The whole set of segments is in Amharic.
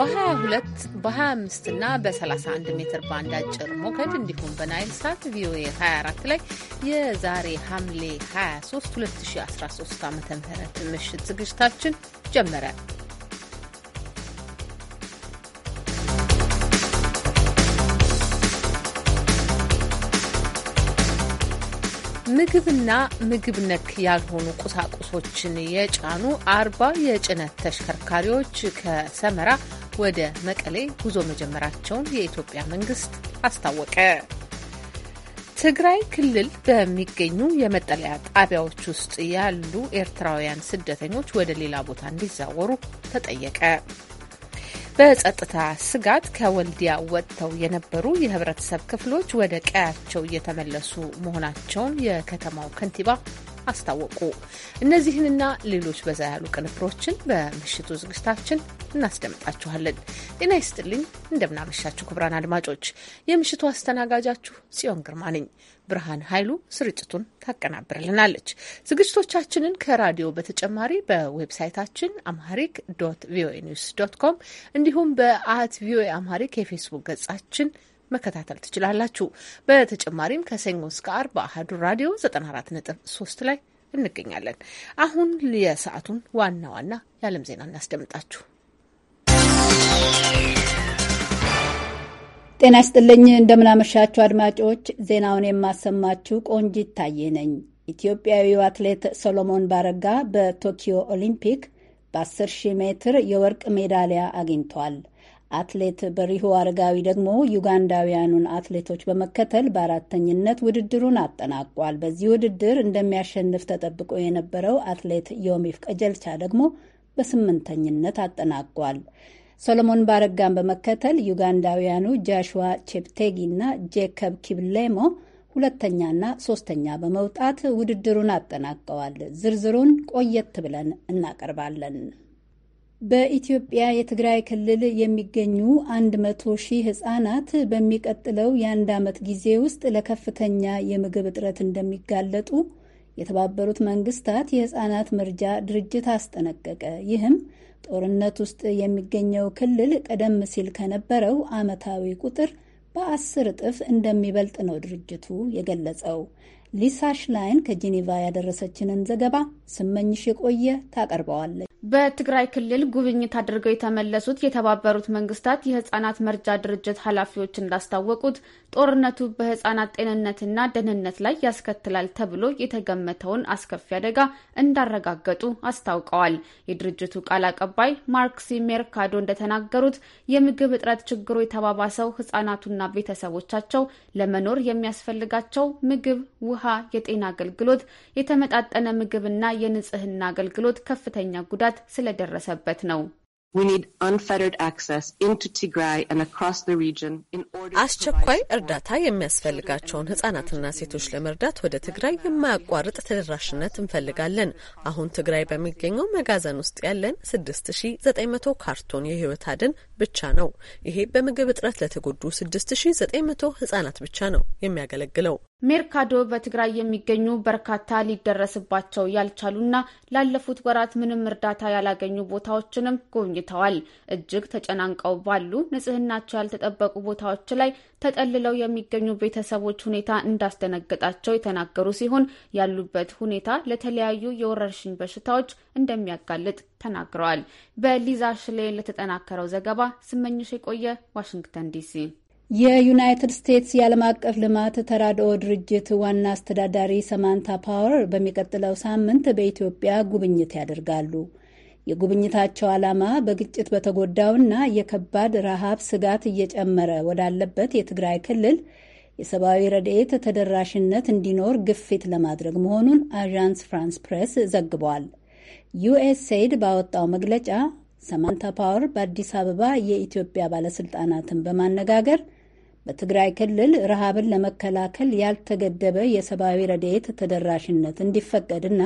በ22 በ25 እና በ31 ሜትር ባንድ አጭር ሞገድ እንዲሁም በናይል ሳት ቪኦኤ 24 ላይ የዛሬ ሐምሌ 23 2013 ዓ ም ምሽት ዝግጅታችን ጀመረ። ምግብና ምግብ ነክ ያልሆኑ ቁሳቁሶችን የጫኑ አርባ የጭነት ተሽከርካሪዎች ከሰመራ ወደ መቀሌ ጉዞ መጀመራቸውን የኢትዮጵያ መንግስት አስታወቀ። ትግራይ ክልል በሚገኙ የመጠለያ ጣቢያዎች ውስጥ ያሉ ኤርትራውያን ስደተኞች ወደ ሌላ ቦታ እንዲዛወሩ ተጠየቀ። በጸጥታ ስጋት ከወልዲያ ወጥተው የነበሩ የህብረተሰብ ክፍሎች ወደ ቀያቸው እየተመለሱ መሆናቸውን የከተማው ከንቲባ አስታወቁ። እነዚህንና ሌሎች በዛ ያሉ ቅንብሮችን በምሽቱ ዝግጅታችን እናስደምጣችኋለን። ጤና ይስጥልኝ፣ እንደምናመሻችሁ ክቡራን አድማጮች፣ የምሽቱ አስተናጋጃችሁ ጽዮን ግርማ ነኝ። ብርሃን ኃይሉ ስርጭቱን ታቀናብርልናለች። ዝግጅቶቻችንን ከራዲዮ በተጨማሪ በዌብሳይታችን አምሃሪክ ዶት ቪኦኤ ኒውስ ዶት ኮም እንዲሁም በአት ቪኦኤ አምሃሪክ የፌስቡክ ገጻችን መከታተል ትችላላችሁ። በተጨማሪም ከሰኞ እስከ አርብ በአህዱ ራዲዮ 94.3 ላይ እንገኛለን። አሁን የሰዓቱን ዋና ዋና የዓለም ዜና እናስደምጣችሁ። ጤና ይስጥልኝ እንደምናመሻችሁ አድማጮች፣ ዜናውን የማሰማችሁ ቆንጂ ታዬ ነኝ። ኢትዮጵያዊው አትሌት ሶሎሞን ባረጋ በቶኪዮ ኦሊምፒክ በ10 ሺህ ሜትር የወርቅ ሜዳሊያ አግኝቷል። አትሌት በሪሁ አረጋዊ ደግሞ ዩጋንዳውያኑን አትሌቶች በመከተል በአራተኝነት ውድድሩን አጠናቋል። በዚህ ውድድር እንደሚያሸንፍ ተጠብቆ የነበረው አትሌት ዮሚፍ ቀጀልቻ ደግሞ በስምንተኝነት አጠናቋል። ሰሎሞን ባረጋን በመከተል ዩጋንዳውያኑ ጃሽዋ ቼፕቴጊ እና ጄከብ ኪብሌሞ ሁለተኛና ሶስተኛ በመውጣት ውድድሩን አጠናቀዋል። ዝርዝሩን ቆየት ብለን እናቀርባለን። በኢትዮጵያ የትግራይ ክልል የሚገኙ 100 ሺህ ህጻናት በሚቀጥለው የአንድ ዓመት ጊዜ ውስጥ ለከፍተኛ የምግብ እጥረት እንደሚጋለጡ የተባበሩት መንግስታት የህጻናት መርጃ ድርጅት አስጠነቀቀ። ይህም ጦርነት ውስጥ የሚገኘው ክልል ቀደም ሲል ከነበረው ዓመታዊ ቁጥር በአስር እጥፍ እንደሚበልጥ ነው ድርጅቱ የገለጸው። ሊሳ ሽላይን ከጄኔቫ ያደረሰችንን ዘገባ ስመኝሽ የቆየ ታቀርበዋለች። በትግራይ ክልል ጉብኝት አድርገው የተመለሱት የተባበሩት መንግስታት የህጻናት መርጃ ድርጅት ኃላፊዎች እንዳስታወቁት ጦርነቱ በህጻናት ጤንነትና ደህንነት ላይ ያስከትላል ተብሎ የተገመተውን አስከፊ አደጋ እንዳረጋገጡ አስታውቀዋል። የድርጅቱ ቃል አቀባይ ማርክሲ ሜርካዶ እንደተናገሩት የምግብ እጥረት ችግሩ የተባባሰው ህጻናቱና ቤተሰቦቻቸው ለመኖር የሚያስፈልጋቸው ምግብ፣ ውሃ የውሃ፣ የጤና አገልግሎት፣ የተመጣጠነ ምግብና የንጽህና አገልግሎት ከፍተኛ ጉዳት ስለደረሰበት ነው። አስቸኳይ እርዳታ የሚያስፈልጋቸውን ህጻናትና ሴቶች ለመርዳት ወደ ትግራይ የማያቋርጥ ተደራሽነት እንፈልጋለን። አሁን ትግራይ በሚገኘው መጋዘን ውስጥ ያለን 6900 ካርቶን የህይወት አድን ብቻ ነው። ይሄ በምግብ እጥረት ለተጎዱ 6900 ህጻናት ብቻ ነው የሚያገለግለው። ሜርካዶ በትግራይ የሚገኙ በርካታ ሊደረስባቸው ያልቻሉና ላለፉት ወራት ምንም እርዳታ ያላገኙ ቦታዎችንም ጎብኝተዋል። እጅግ ተጨናንቀው ባሉ ንጽህናቸው ያልተጠበቁ ቦታዎች ላይ ተጠልለው የሚገኙ ቤተሰቦች ሁኔታ እንዳስደነገጣቸው የተናገሩ ሲሆን ያሉበት ሁኔታ ለተለያዩ የወረርሽኝ በሽታዎች እንደሚያጋልጥ ተናግረዋል። በሊዛ ሽሌ ለተጠናከረው ዘገባ ስመኝሽ የቆየ ዋሽንግተን ዲሲ የዩናይትድ ስቴትስ የዓለም አቀፍ ልማት ተራድኦ ድርጅት ዋና አስተዳዳሪ ሰማንታ ፓወር በሚቀጥለው ሳምንት በኢትዮጵያ ጉብኝት ያደርጋሉ። የጉብኝታቸው ዓላማ በግጭት በተጎዳውና የከባድ ረሃብ ስጋት እየጨመረ ወዳለበት የትግራይ ክልል የሰብአዊ ረድኤት ተደራሽነት እንዲኖር ግፊት ለማድረግ መሆኑን አዣንስ ፍራንስ ፕሬስ ዘግቧል። ዩኤስኤድ ባወጣው መግለጫ ሰማንታ ፓወር በአዲስ አበባ የኢትዮጵያ ባለስልጣናትን በማነጋገር በትግራይ ክልል ረሃብን ለመከላከል ያልተገደበ የሰብአዊ ረድኤት ተደራሽነት እንዲፈቀድና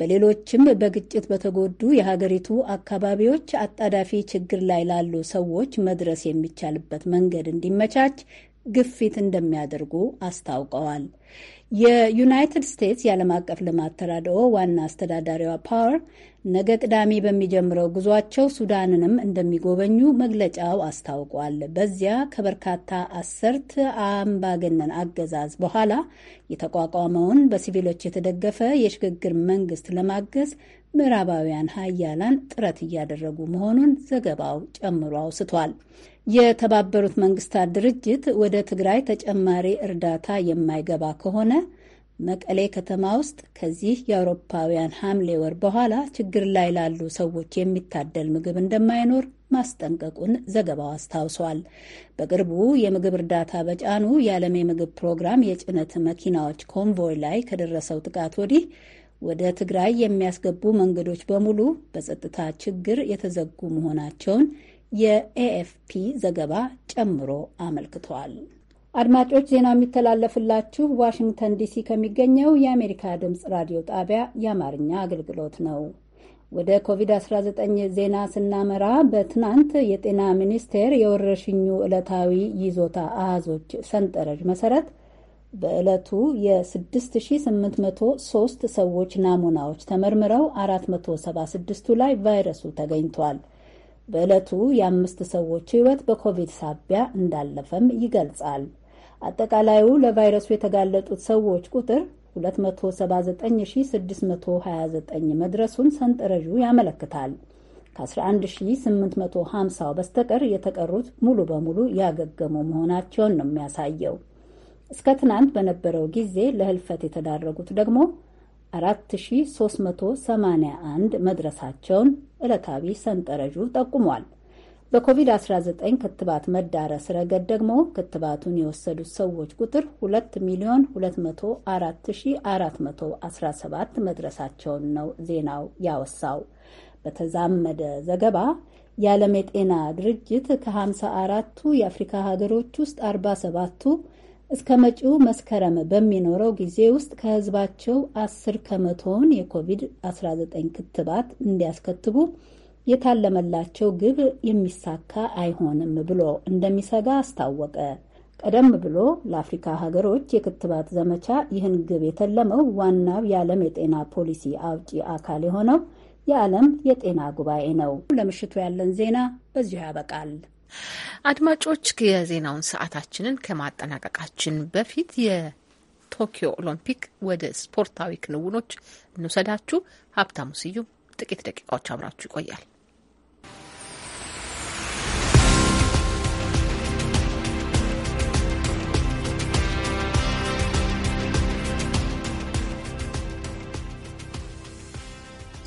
በሌሎችም በግጭት በተጎዱ የሀገሪቱ አካባቢዎች አጣዳፊ ችግር ላይ ላሉ ሰዎች መድረስ የሚቻልበት መንገድ እንዲመቻች ግፊት እንደሚያደርጉ አስታውቀዋል። የዩናይትድ ስቴትስ የዓለም አቀፍ ልማት ተራድኦ ዋና አስተዳዳሪዋ ፓወር ነገ ቅዳሜ በሚጀምረው ጉዟቸው ሱዳንንም እንደሚጎበኙ መግለጫው አስታውቋል። በዚያ ከበርካታ አሰርት አምባገነን አገዛዝ በኋላ የተቋቋመውን በሲቪሎች የተደገፈ የሽግግር መንግስት ለማገዝ ምዕራባውያን ሀያላን ጥረት እያደረጉ መሆኑን ዘገባው ጨምሮ አውስቷል። የተባበሩት መንግስታት ድርጅት ወደ ትግራይ ተጨማሪ እርዳታ የማይገባ ከሆነ መቀሌ ከተማ ውስጥ ከዚህ የአውሮፓውያን ሐምሌ ወር በኋላ ችግር ላይ ላሉ ሰዎች የሚታደል ምግብ እንደማይኖር ማስጠንቀቁን ዘገባው አስታውሷል። በቅርቡ የምግብ እርዳታ በጫኑ የዓለም የምግብ ፕሮግራም የጭነት መኪናዎች ኮንቮይ ላይ ከደረሰው ጥቃት ወዲህ ወደ ትግራይ የሚያስገቡ መንገዶች በሙሉ በጸጥታ ችግር የተዘጉ መሆናቸውን የኤኤፍፒ ዘገባ ጨምሮ አመልክቷል። አድማጮች ዜናው የሚተላለፍላችሁ ዋሽንግተን ዲሲ ከሚገኘው የአሜሪካ ድምፅ ራዲዮ ጣቢያ የአማርኛ አገልግሎት ነው። ወደ ኮቪድ-19 ዜና ስናመራ በትናንት የጤና ሚኒስቴር የወረርሽኙ ዕለታዊ ይዞታ አሃዞች ሰንጠረዥ መሰረት በዕለቱ የ6803 ሰዎች ናሙናዎች ተመርምረው 476ቱ ላይ ቫይረሱ ተገኝቷል። በዕለቱ የአምስት ሰዎች ሕይወት በኮቪድ ሳቢያ እንዳለፈም ይገልጻል። አጠቃላዩ ለቫይረሱ የተጋለጡት ሰዎች ቁጥር 279629 መድረሱን ሰንጠረዡ ያመለክታል። ከ11850 በስተቀር የተቀሩት ሙሉ በሙሉ ያገገሙ መሆናቸውን ነው የሚያሳየው። እስከ ትናንት በነበረው ጊዜ ለህልፈት የተዳረጉት ደግሞ 4381 መድረሳቸውን ዕለታዊ ሰንጠረዡ ጠቁሟል። በኮቪድ-19 ክትባት መዳረስ ረገድ ደግሞ ክትባቱን የወሰዱት ሰዎች ቁጥር 2 ሚሊዮን 204417 መድረሳቸውን ነው ዜናው ያወሳው። በተዛመደ ዘገባ የዓለም የጤና ድርጅት ከ54ቱ የአፍሪካ ሀገሮች ውስጥ 47ቱ እስከ መጪው መስከረም በሚኖረው ጊዜ ውስጥ ከህዝባቸው 10 ከመቶውን የኮቪድ-19 ክትባት እንዲያስከትቡ የታለመላቸው ግብ የሚሳካ አይሆንም ብሎ እንደሚሰጋ አስታወቀ። ቀደም ብሎ ለአፍሪካ ሀገሮች የክትባት ዘመቻ ይህን ግብ የተለመው ዋናው የዓለም የጤና ፖሊሲ አውጪ አካል የሆነው የዓለም የጤና ጉባኤ ነው። ለምሽቱ ያለን ዜና በዚሁ ያበቃል። አድማጮች የዜናውን ሰዓታችንን ከማጠናቀቃችን በፊት የቶኪዮ ኦሎምፒክ ወደ ስፖርታዊ ክንውኖች እንውሰዳችሁ። ሀብታሙ ስዩም ጥቂት ደቂቃዎች አብራችሁ ይቆያል።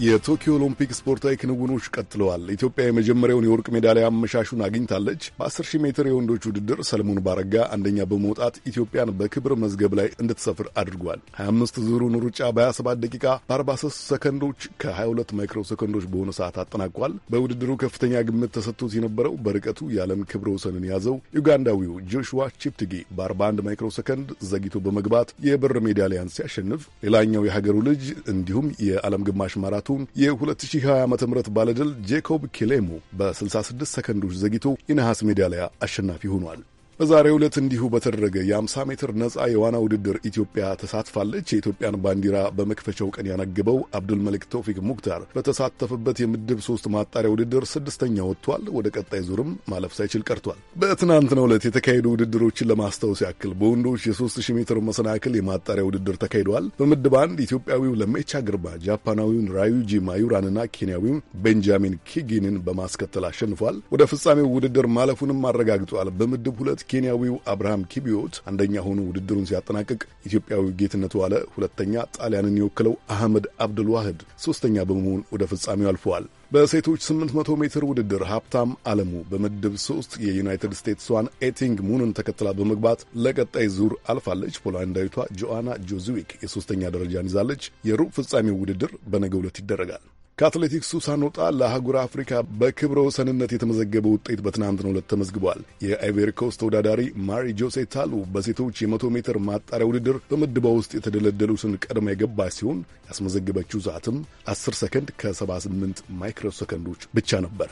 የቶኪዮ ኦሎምፒክ ስፖርታዊ ክንውኖች ቀጥለዋል። ኢትዮጵያ የመጀመሪያውን የወርቅ ሜዳሊያ አመሻሹን አግኝታለች። በ10 ሺህ ሜትር የወንዶች ውድድር ሰለሞን ባረጋ አንደኛ በመውጣት ኢትዮጵያን በክብር መዝገብ ላይ እንድትሰፍር አድርጓል። 25 ዙሩን ሩጫ በ27 ደቂቃ በ43 ሰከንዶች ከ22 ማይክሮ ሰከንዶች በሆነ ሰዓት አጠናቋል። በውድድሩ ከፍተኛ ግምት ተሰጥቶት የነበረው በርቀቱ የዓለም ክብረ ወሰንን ያዘው ዩጋንዳዊው ጆሹዋ ቺፕትጌ በ41 ማይክሮ ሰከንድ ዘግይቶ በመግባት የብር ሜዳሊያን ሲያሸንፍ፣ ሌላኛው የሀገሩ ልጅ እንዲሁም የዓለም ግማሽ ማራቶ መግባቱን የ2020 ዓ ም ባለድል ጄኮብ ኪሌሞ በ66 ሰከንዶች ዘግይቶ የነሐስ ሜዳሊያ አሸናፊ ሆኗል። በዛሬው ዕለት እንዲሁ በተደረገ የ50 ሜትር ነፃ የዋና ውድድር ኢትዮጵያ ተሳትፋለች። የኢትዮጵያን ባንዲራ በመክፈቻው ቀን ያነግበው አብዱል መሊክ ቶፊክ ሙክታር በተሳተፈበት የምድብ ሶስት ማጣሪያ ውድድር ስድስተኛ ወጥቷል። ወደ ቀጣይ ዙርም ማለፍ ሳይችል ቀርቷል። በትናንትናው ዕለት የተካሄዱ ውድድሮችን ለማስታወስ ያክል በወንዶች የ3000 ሜትር መሰናክል የማጣሪያ ውድድር ተካሂደዋል። በምድብ አንድ ኢትዮጵያዊው ለሜቻ ግርማ ጃፓናዊውን ራዩጂ ማዩራንና ኬንያዊውን ቤንጃሚን ኪጊንን በማስከተል አሸንፏል። ወደ ፍጻሜው ውድድር ማለፉንም አረጋግጧል። በምድብ ሁለት ኬንያዊው አብርሃም ኪቢዮት አንደኛ ሆኖ ውድድሩን ሲያጠናቅቅ፣ ኢትዮጵያዊው ጌትነት ዋለ ሁለተኛ፣ ጣሊያንን የወክለው አህመድ አብዱል ዋህድ ሶስተኛ በመሆን ወደ ፍጻሜው አልፈዋል። በሴቶች 800 ሜትር ውድድር ሀብታም አለሙ በምድብ ሶስት የዩናይትድ ስቴትስዋን ኤቲንግ ሙንን ተከትላ በመግባት ለቀጣይ ዙር አልፋለች። ፖላንዳዊቷ ጆአና ጆዝዊክ የሶስተኛ ደረጃን ይዛለች። የሩብ ፍጻሜው ውድድር በነገ ዕለት ይደረጋል። ከአትሌቲክሱ ሳንወጣ ለአህጉር አፍሪካ በክብረ ወሰንነት የተመዘገበ ውጤት በትናንትናው ዕለት ተመዝግቧል። የአይቬሪኮስ ተወዳዳሪ ማሪ ጆሴ ታሉ በሴቶች የመቶ ሜትር ማጣሪያ ውድድር በምድባ ውስጥ የተደለደሉትን ቀድማ የገባች ሲሆን ያስመዘገበችው ሰዓትም 10 ሰከንድ ከ78 ማይክሮ ሰከንዶች ብቻ ነበረ።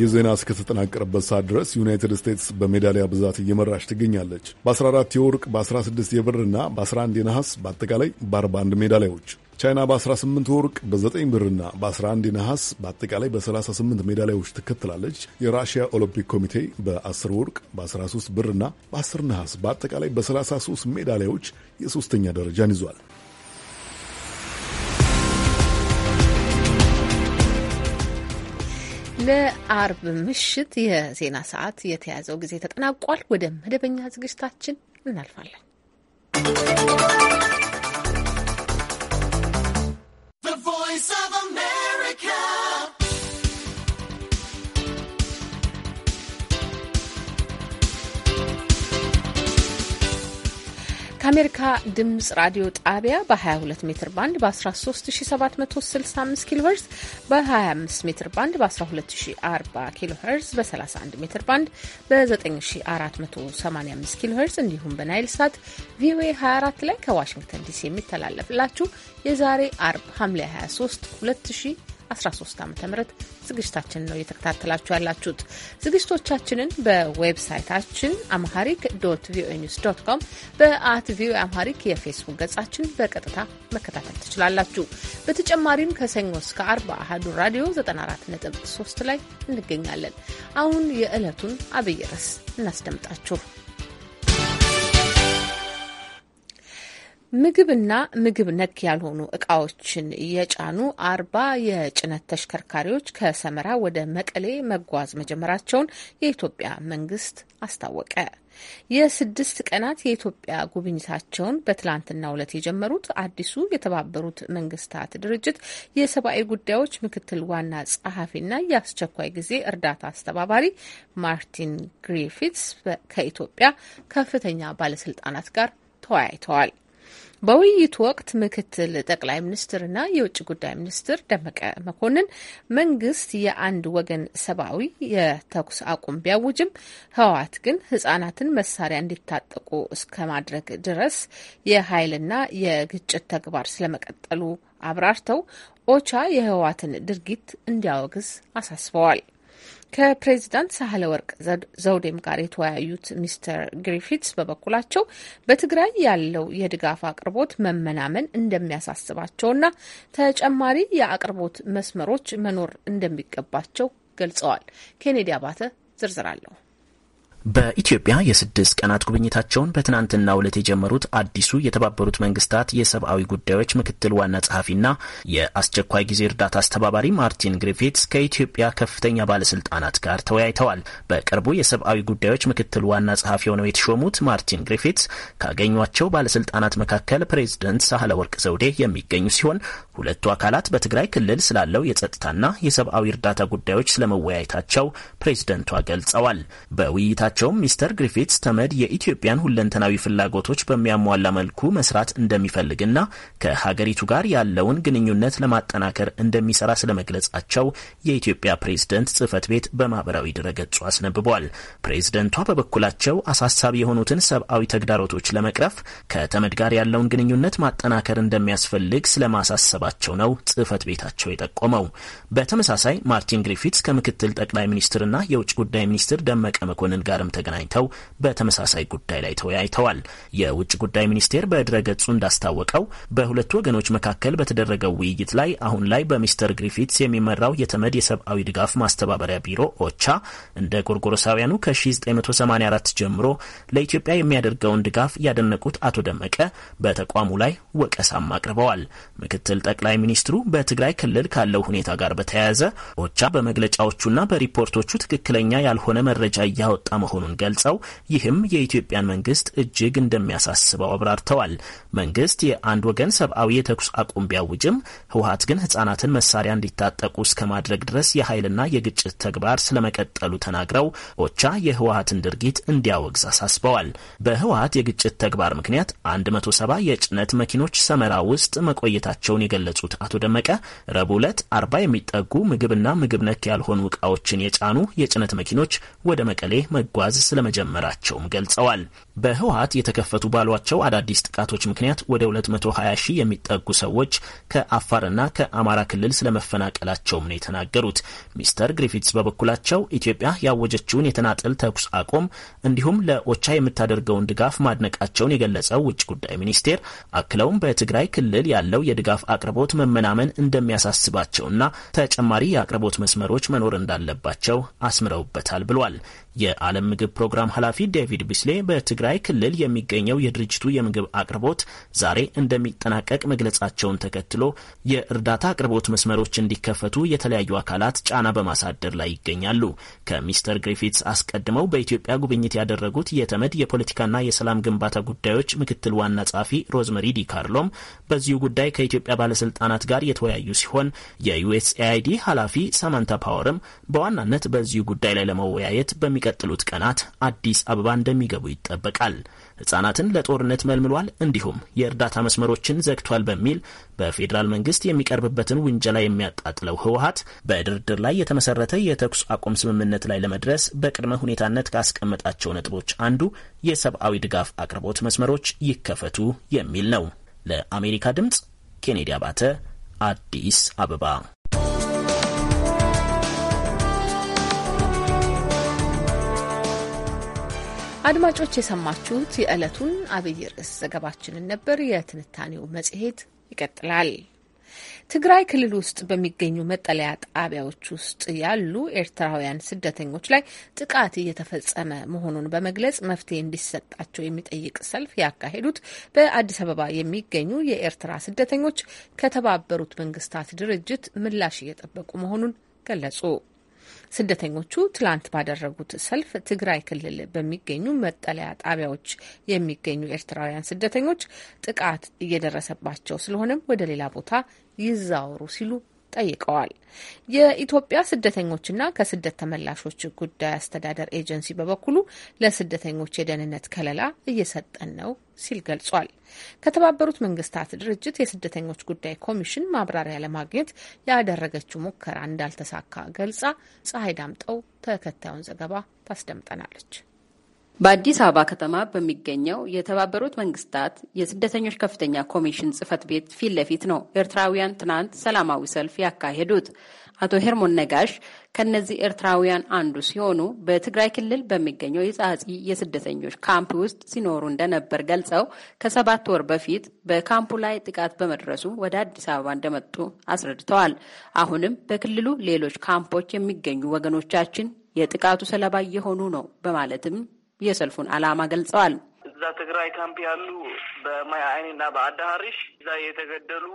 የዜና እስከተጠናቀረበት ሰዓት ድረስ ዩናይትድ ስቴትስ በሜዳሊያ ብዛት እየመራች ትገኛለች። በ14 የወርቅ በ16 የብርና በ11 የነሐስ በአጠቃላይ በ41 ሜዳሊያዎች ቻይና በ18 ወርቅ በ9 ብርና በ11 ነሐስ በአጠቃላይ በ38 ሜዳሊያዎች ትከትላለች። የራሽያ ኦሎምፒክ ኮሚቴ በ10 ወርቅ በ13 ብርና በ10 ነሐስ በአጠቃላይ በ33 ሜዳሊያዎች የሶስተኛ ደረጃን ይዟል። ለአርብ ምሽት የዜና ሰዓት የተያዘው ጊዜ ተጠናቋል። ወደ መደበኛ ዝግጅታችን እናልፋለን። ቮይስ ኦፍ አሜሪካ ከአሜሪካ ድምፅ ራዲዮ ጣቢያ በ22 ሜትር ባንድ በ13765 ኪሎ ሄርዝ በ25 ሜትር ባንድ በ1240 ኪሎ ሄርዝ በ31 ሜትር ባንድ በ9485 ኪሎ ሄርዝ እንዲሁም በናይል ሳት ቪኦኤ 24 ላይ ከዋሽንግተን ዲሲ የሚተላለፍላችሁ የዛሬ አርብ ሐምሌ 23 2000 2013 ዓ ም ዝግጅታችን ነው እየተከታተላችሁ ያላችሁት። ዝግጅቶቻችንን በዌብሳይታችን አምሃሪክ ዶት ቪኦኤ ኒውስ ዶት ኮም፣ በአት ቪኦኤ አምሃሪክ የፌስቡክ ገጻችን በቀጥታ መከታተል ትችላላችሁ። በተጨማሪም ከሰኞ እስከ አርብ አህዱ ራዲዮ 94.3 ላይ እንገኛለን። አሁን የዕለቱን አብይ ርዕስ እናስደምጣችሁ። ምግብና ምግብ ነክ ያልሆኑ እቃዎችን የጫኑ አርባ የጭነት ተሽከርካሪዎች ከሰመራ ወደ መቀሌ መጓዝ መጀመራቸውን የኢትዮጵያ መንግስት አስታወቀ። የስድስት ቀናት የኢትዮጵያ ጉብኝታቸውን በትላንትናው ዕለት የጀመሩት አዲሱ የተባበሩት መንግስታት ድርጅት የሰብአዊ ጉዳዮች ምክትል ዋና ጸሐፊና የአስቸኳይ ጊዜ እርዳታ አስተባባሪ ማርቲን ግሪፊትስ ከኢትዮጵያ ከፍተኛ ባለስልጣናት ጋር ተወያይተዋል። በውይይቱ ወቅት ምክትል ጠቅላይ ሚኒስትርና የውጭ ጉዳይ ሚኒስትር ደመቀ መኮንን መንግስት የአንድ ወገን ሰብአዊ የተኩስ አቁም ቢያውጅም ህወሓት ግን ህጻናትን መሳሪያ እንዲታጠቁ እስከ ማድረግ ድረስ የኃይልና የግጭት ተግባር ስለመቀጠሉ አብራርተው ኦቻ የህወሓትን ድርጊት እንዲያወግዝ አሳስበዋል። ከፕሬዚዳንት ሳህለ ወርቅ ዘውዴም ጋር የተወያዩት ሚስተር ግሪፊትስ በበኩላቸው በትግራይ ያለው የድጋፍ አቅርቦት መመናመን እንደሚያሳስባቸውና ተጨማሪ የአቅርቦት መስመሮች መኖር እንደሚገባቸው ገልጸዋል። ኬኔዲ አባተ ዝርዝር አለሁ። በኢትዮጵያ የስድስት ቀናት ጉብኝታቸውን በትናንትናው ዕለት የጀመሩት አዲሱ የተባበሩት መንግስታት የሰብአዊ ጉዳዮች ምክትል ዋና ጸሐፊና የአስቸኳይ ጊዜ እርዳታ አስተባባሪ ማርቲን ግሪፊትስ ከኢትዮጵያ ከፍተኛ ባለስልጣናት ጋር ተወያይተዋል። በቅርቡ የሰብአዊ ጉዳዮች ምክትል ዋና ጸሐፊ ሆነው የተሾሙት ማርቲን ግሪፊትስ ካገኟቸው ባለስልጣናት መካከል ፕሬዝደንት ሳህለ ወርቅ ዘውዴ የሚገኙ ሲሆን ሁለቱ አካላት በትግራይ ክልል ስላለው የጸጥታና የሰብአዊ እርዳታ ጉዳዮች ስለመወያየታቸው ፕሬዝደንቷ ገልጸዋል። በውይይታ በመግለጻቸውም ሚስተር ግሪፊትስ ተመድ የኢትዮጵያን ሁለንተናዊ ፍላጎቶች በሚያሟላ መልኩ መስራት እንደሚፈልግና ከሀገሪቱ ጋር ያለውን ግንኙነት ለማጠናከር እንደሚሰራ ስለመግለጻቸው የኢትዮጵያ ፕሬዝደንት ጽህፈት ቤት በማህበራዊ ድረገጹ አስነብቧል። ፕሬዝደንቷ በበኩላቸው አሳሳቢ የሆኑትን ሰብአዊ ተግዳሮቶች ለመቅረፍ ከተመድ ጋር ያለውን ግንኙነት ማጠናከር እንደሚያስፈልግ ስለማሳሰባቸው ነው ጽህፈት ቤታቸው የጠቆመው። በተመሳሳይ ማርቲን ግሪፊትስ ከምክትል ጠቅላይ ሚኒስትርና የውጭ ጉዳይ ሚኒስትር ደመቀ መኮንን ጋር ጋርም ተገናኝተው በተመሳሳይ ጉዳይ ላይ ተወያይተዋል። የውጭ ጉዳይ ሚኒስቴር በድረገጹ እንዳስታወቀው በሁለቱ ወገኖች መካከል በተደረገው ውይይት ላይ አሁን ላይ በሚስተር ግሪፊትስ የሚመራው የተመድ የሰብአዊ ድጋፍ ማስተባበሪያ ቢሮ ኦቻ እንደ ጎርጎሮሳውያኑ ከ1984 ጀምሮ ለኢትዮጵያ የሚያደርገውን ድጋፍ ያደነቁት አቶ ደመቀ በተቋሙ ላይ ወቀሳም አቅርበዋል። ምክትል ጠቅላይ ሚኒስትሩ በትግራይ ክልል ካለው ሁኔታ ጋር በተያያዘ ኦቻ በመግለጫዎቹና በሪፖርቶቹ ትክክለኛ ያልሆነ መረጃ እያወጣ መሆኑን ገልጸው ይህም የኢትዮጵያን መንግስት እጅግ እንደሚያሳስበው አብራርተዋል። መንግስት የአንድ ወገን ሰብአዊ የተኩስ አቁም ቢያውጅም ህወሀት ግን ህጻናትን መሳሪያ እንዲታጠቁ እስከ ማድረግ ድረስ የኃይልና የግጭት ተግባር ስለመቀጠሉ ተናግረው ኦቻ የህወሀትን ድርጊት እንዲያወግዝ አሳስበዋል። በህወሀት የግጭት ተግባር ምክንያት 170 የጭነት መኪኖች ሰመራ ውስጥ መቆየታቸውን የገለጹት አቶ ደመቀ ረቡዕ ዕለት 40 የሚጠጉ ምግብና ምግብ ነክ ያልሆኑ ዕቃዎችን የጫኑ የጭነት መኪኖች ወደ መቀሌ መጓ መጓዝ ስለመጀመራቸውም ገልጸዋል። በህወሀት የተከፈቱ ባሏቸው አዳዲስ ጥቃቶች ምክንያት ወደ 220 ሺህ የሚጠጉ ሰዎች ከአፋርና ከአማራ ክልል ስለመፈናቀላቸውም ነው የተናገሩት። ሚስተር ግሪፊትስ በበኩላቸው ኢትዮጵያ ያወጀችውን የተናጠል ተኩስ አቁም እንዲሁም ለኦቻ የምታደርገውን ድጋፍ ማድነቃቸውን የገለጸው ውጭ ጉዳይ ሚኒስቴር አክለውም በትግራይ ክልል ያለው የድጋፍ አቅርቦት መመናመን እንደሚያሳስባቸውና ተጨማሪ የአቅርቦት መስመሮች መኖር እንዳለባቸው አስምረውበታል ብሏል። የዓለም ምግብ ፕሮግራም ኃላፊ ዴቪድ ቢስሌ በትግራይ ትግራይ ክልል የሚገኘው የድርጅቱ የምግብ አቅርቦት ዛሬ እንደሚጠናቀቅ መግለጻቸውን ተከትሎ የእርዳታ አቅርቦት መስመሮች እንዲከፈቱ የተለያዩ አካላት ጫና በማሳደር ላይ ይገኛሉ። ከሚስተር ግሪፊትስ አስቀድመው በኢትዮጵያ ጉብኝት ያደረጉት የተመድ የፖለቲካና የሰላም ግንባታ ጉዳዮች ምክትል ዋና ጸሐፊ ሮዝመሪ ዲ ካርሎም በዚሁ ጉዳይ ከኢትዮጵያ ባለስልጣናት ጋር የተወያዩ ሲሆን የዩኤስኤአይዲ ኃላፊ ሳማንታ ፓወርም በዋናነት በዚሁ ጉዳይ ላይ ለመወያየት በሚቀጥሉት ቀናት አዲስ አበባ እንደሚገቡ ይጠበቃል። ይጠበቃል። ህጻናትን ለጦርነት መልምሏል፣ እንዲሁም የእርዳታ መስመሮችን ዘግቷል በሚል በፌዴራል መንግስት የሚቀርብበትን ውንጀላ የሚያጣጥለው ህወሀት በድርድር ላይ የተመሰረተ የተኩስ አቁም ስምምነት ላይ ለመድረስ በቅድመ ሁኔታነት ካስቀመጣቸው ነጥቦች አንዱ የሰብአዊ ድጋፍ አቅርቦት መስመሮች ይከፈቱ የሚል ነው። ለአሜሪካ ድምጽ ኬኔዲ አባተ አዲስ አበባ አድማጮች የሰማችሁት የዕለቱን አብይ ርዕስ ዘገባችንን ነበር። የትንታኔው መጽሔት ይቀጥላል። ትግራይ ክልል ውስጥ በሚገኙ መጠለያ ጣቢያዎች ውስጥ ያሉ ኤርትራውያን ስደተኞች ላይ ጥቃት እየተፈጸመ መሆኑን በመግለጽ መፍትሄ እንዲሰጣቸው የሚጠይቅ ሰልፍ ያካሄዱት በአዲስ አበባ የሚገኙ የኤርትራ ስደተኞች ከተባበሩት መንግስታት ድርጅት ምላሽ እየጠበቁ መሆኑን ገለጹ። ስደተኞቹ ትላንት ባደረጉት ሰልፍ ትግራይ ክልል በሚገኙ መጠለያ ጣቢያዎች የሚገኙ ኤርትራውያን ስደተኞች ጥቃት እየደረሰባቸው ስለሆነም ወደ ሌላ ቦታ ይዛወሩ ሲሉ ጠይቀዋል። የኢትዮጵያ ስደተኞችና ከስደት ተመላሾች ጉዳይ አስተዳደር ኤጀንሲ በበኩሉ ለስደተኞች የደህንነት ከለላ እየሰጠን ነው ሲል ገልጿል። ከተባበሩት መንግስታት ድርጅት የስደተኞች ጉዳይ ኮሚሽን ማብራሪያ ለማግኘት ያደረገችው ሙከራ እንዳልተሳካ ገልጻ ፀሐይ ዳምጠው ተከታዩን ዘገባ ታስደምጠናለች። በአዲስ አበባ ከተማ በሚገኘው የተባበሩት መንግስታት የስደተኞች ከፍተኛ ኮሚሽን ጽህፈት ቤት ፊት ለፊት ነው ኤርትራውያን ትናንት ሰላማዊ ሰልፍ ያካሄዱት። አቶ ሄርሞን ነጋሽ ከእነዚህ ኤርትራውያን አንዱ ሲሆኑ በትግራይ ክልል በሚገኘው የጸሐፂ የስደተኞች ካምፕ ውስጥ ሲኖሩ እንደነበር ገልጸው ከሰባት ወር በፊት በካምፑ ላይ ጥቃት በመድረሱ ወደ አዲስ አበባ እንደመጡ አስረድተዋል። አሁንም በክልሉ ሌሎች ካምፖች የሚገኙ ወገኖቻችን የጥቃቱ ሰለባ እየሆኑ ነው በማለትም የሰልፉን ዓላማ ገልጸዋል። እዛ ትግራይ ካምፕ ያሉ በማይ አይኔና በአዳሃሪሽ እዛ የተገደሉ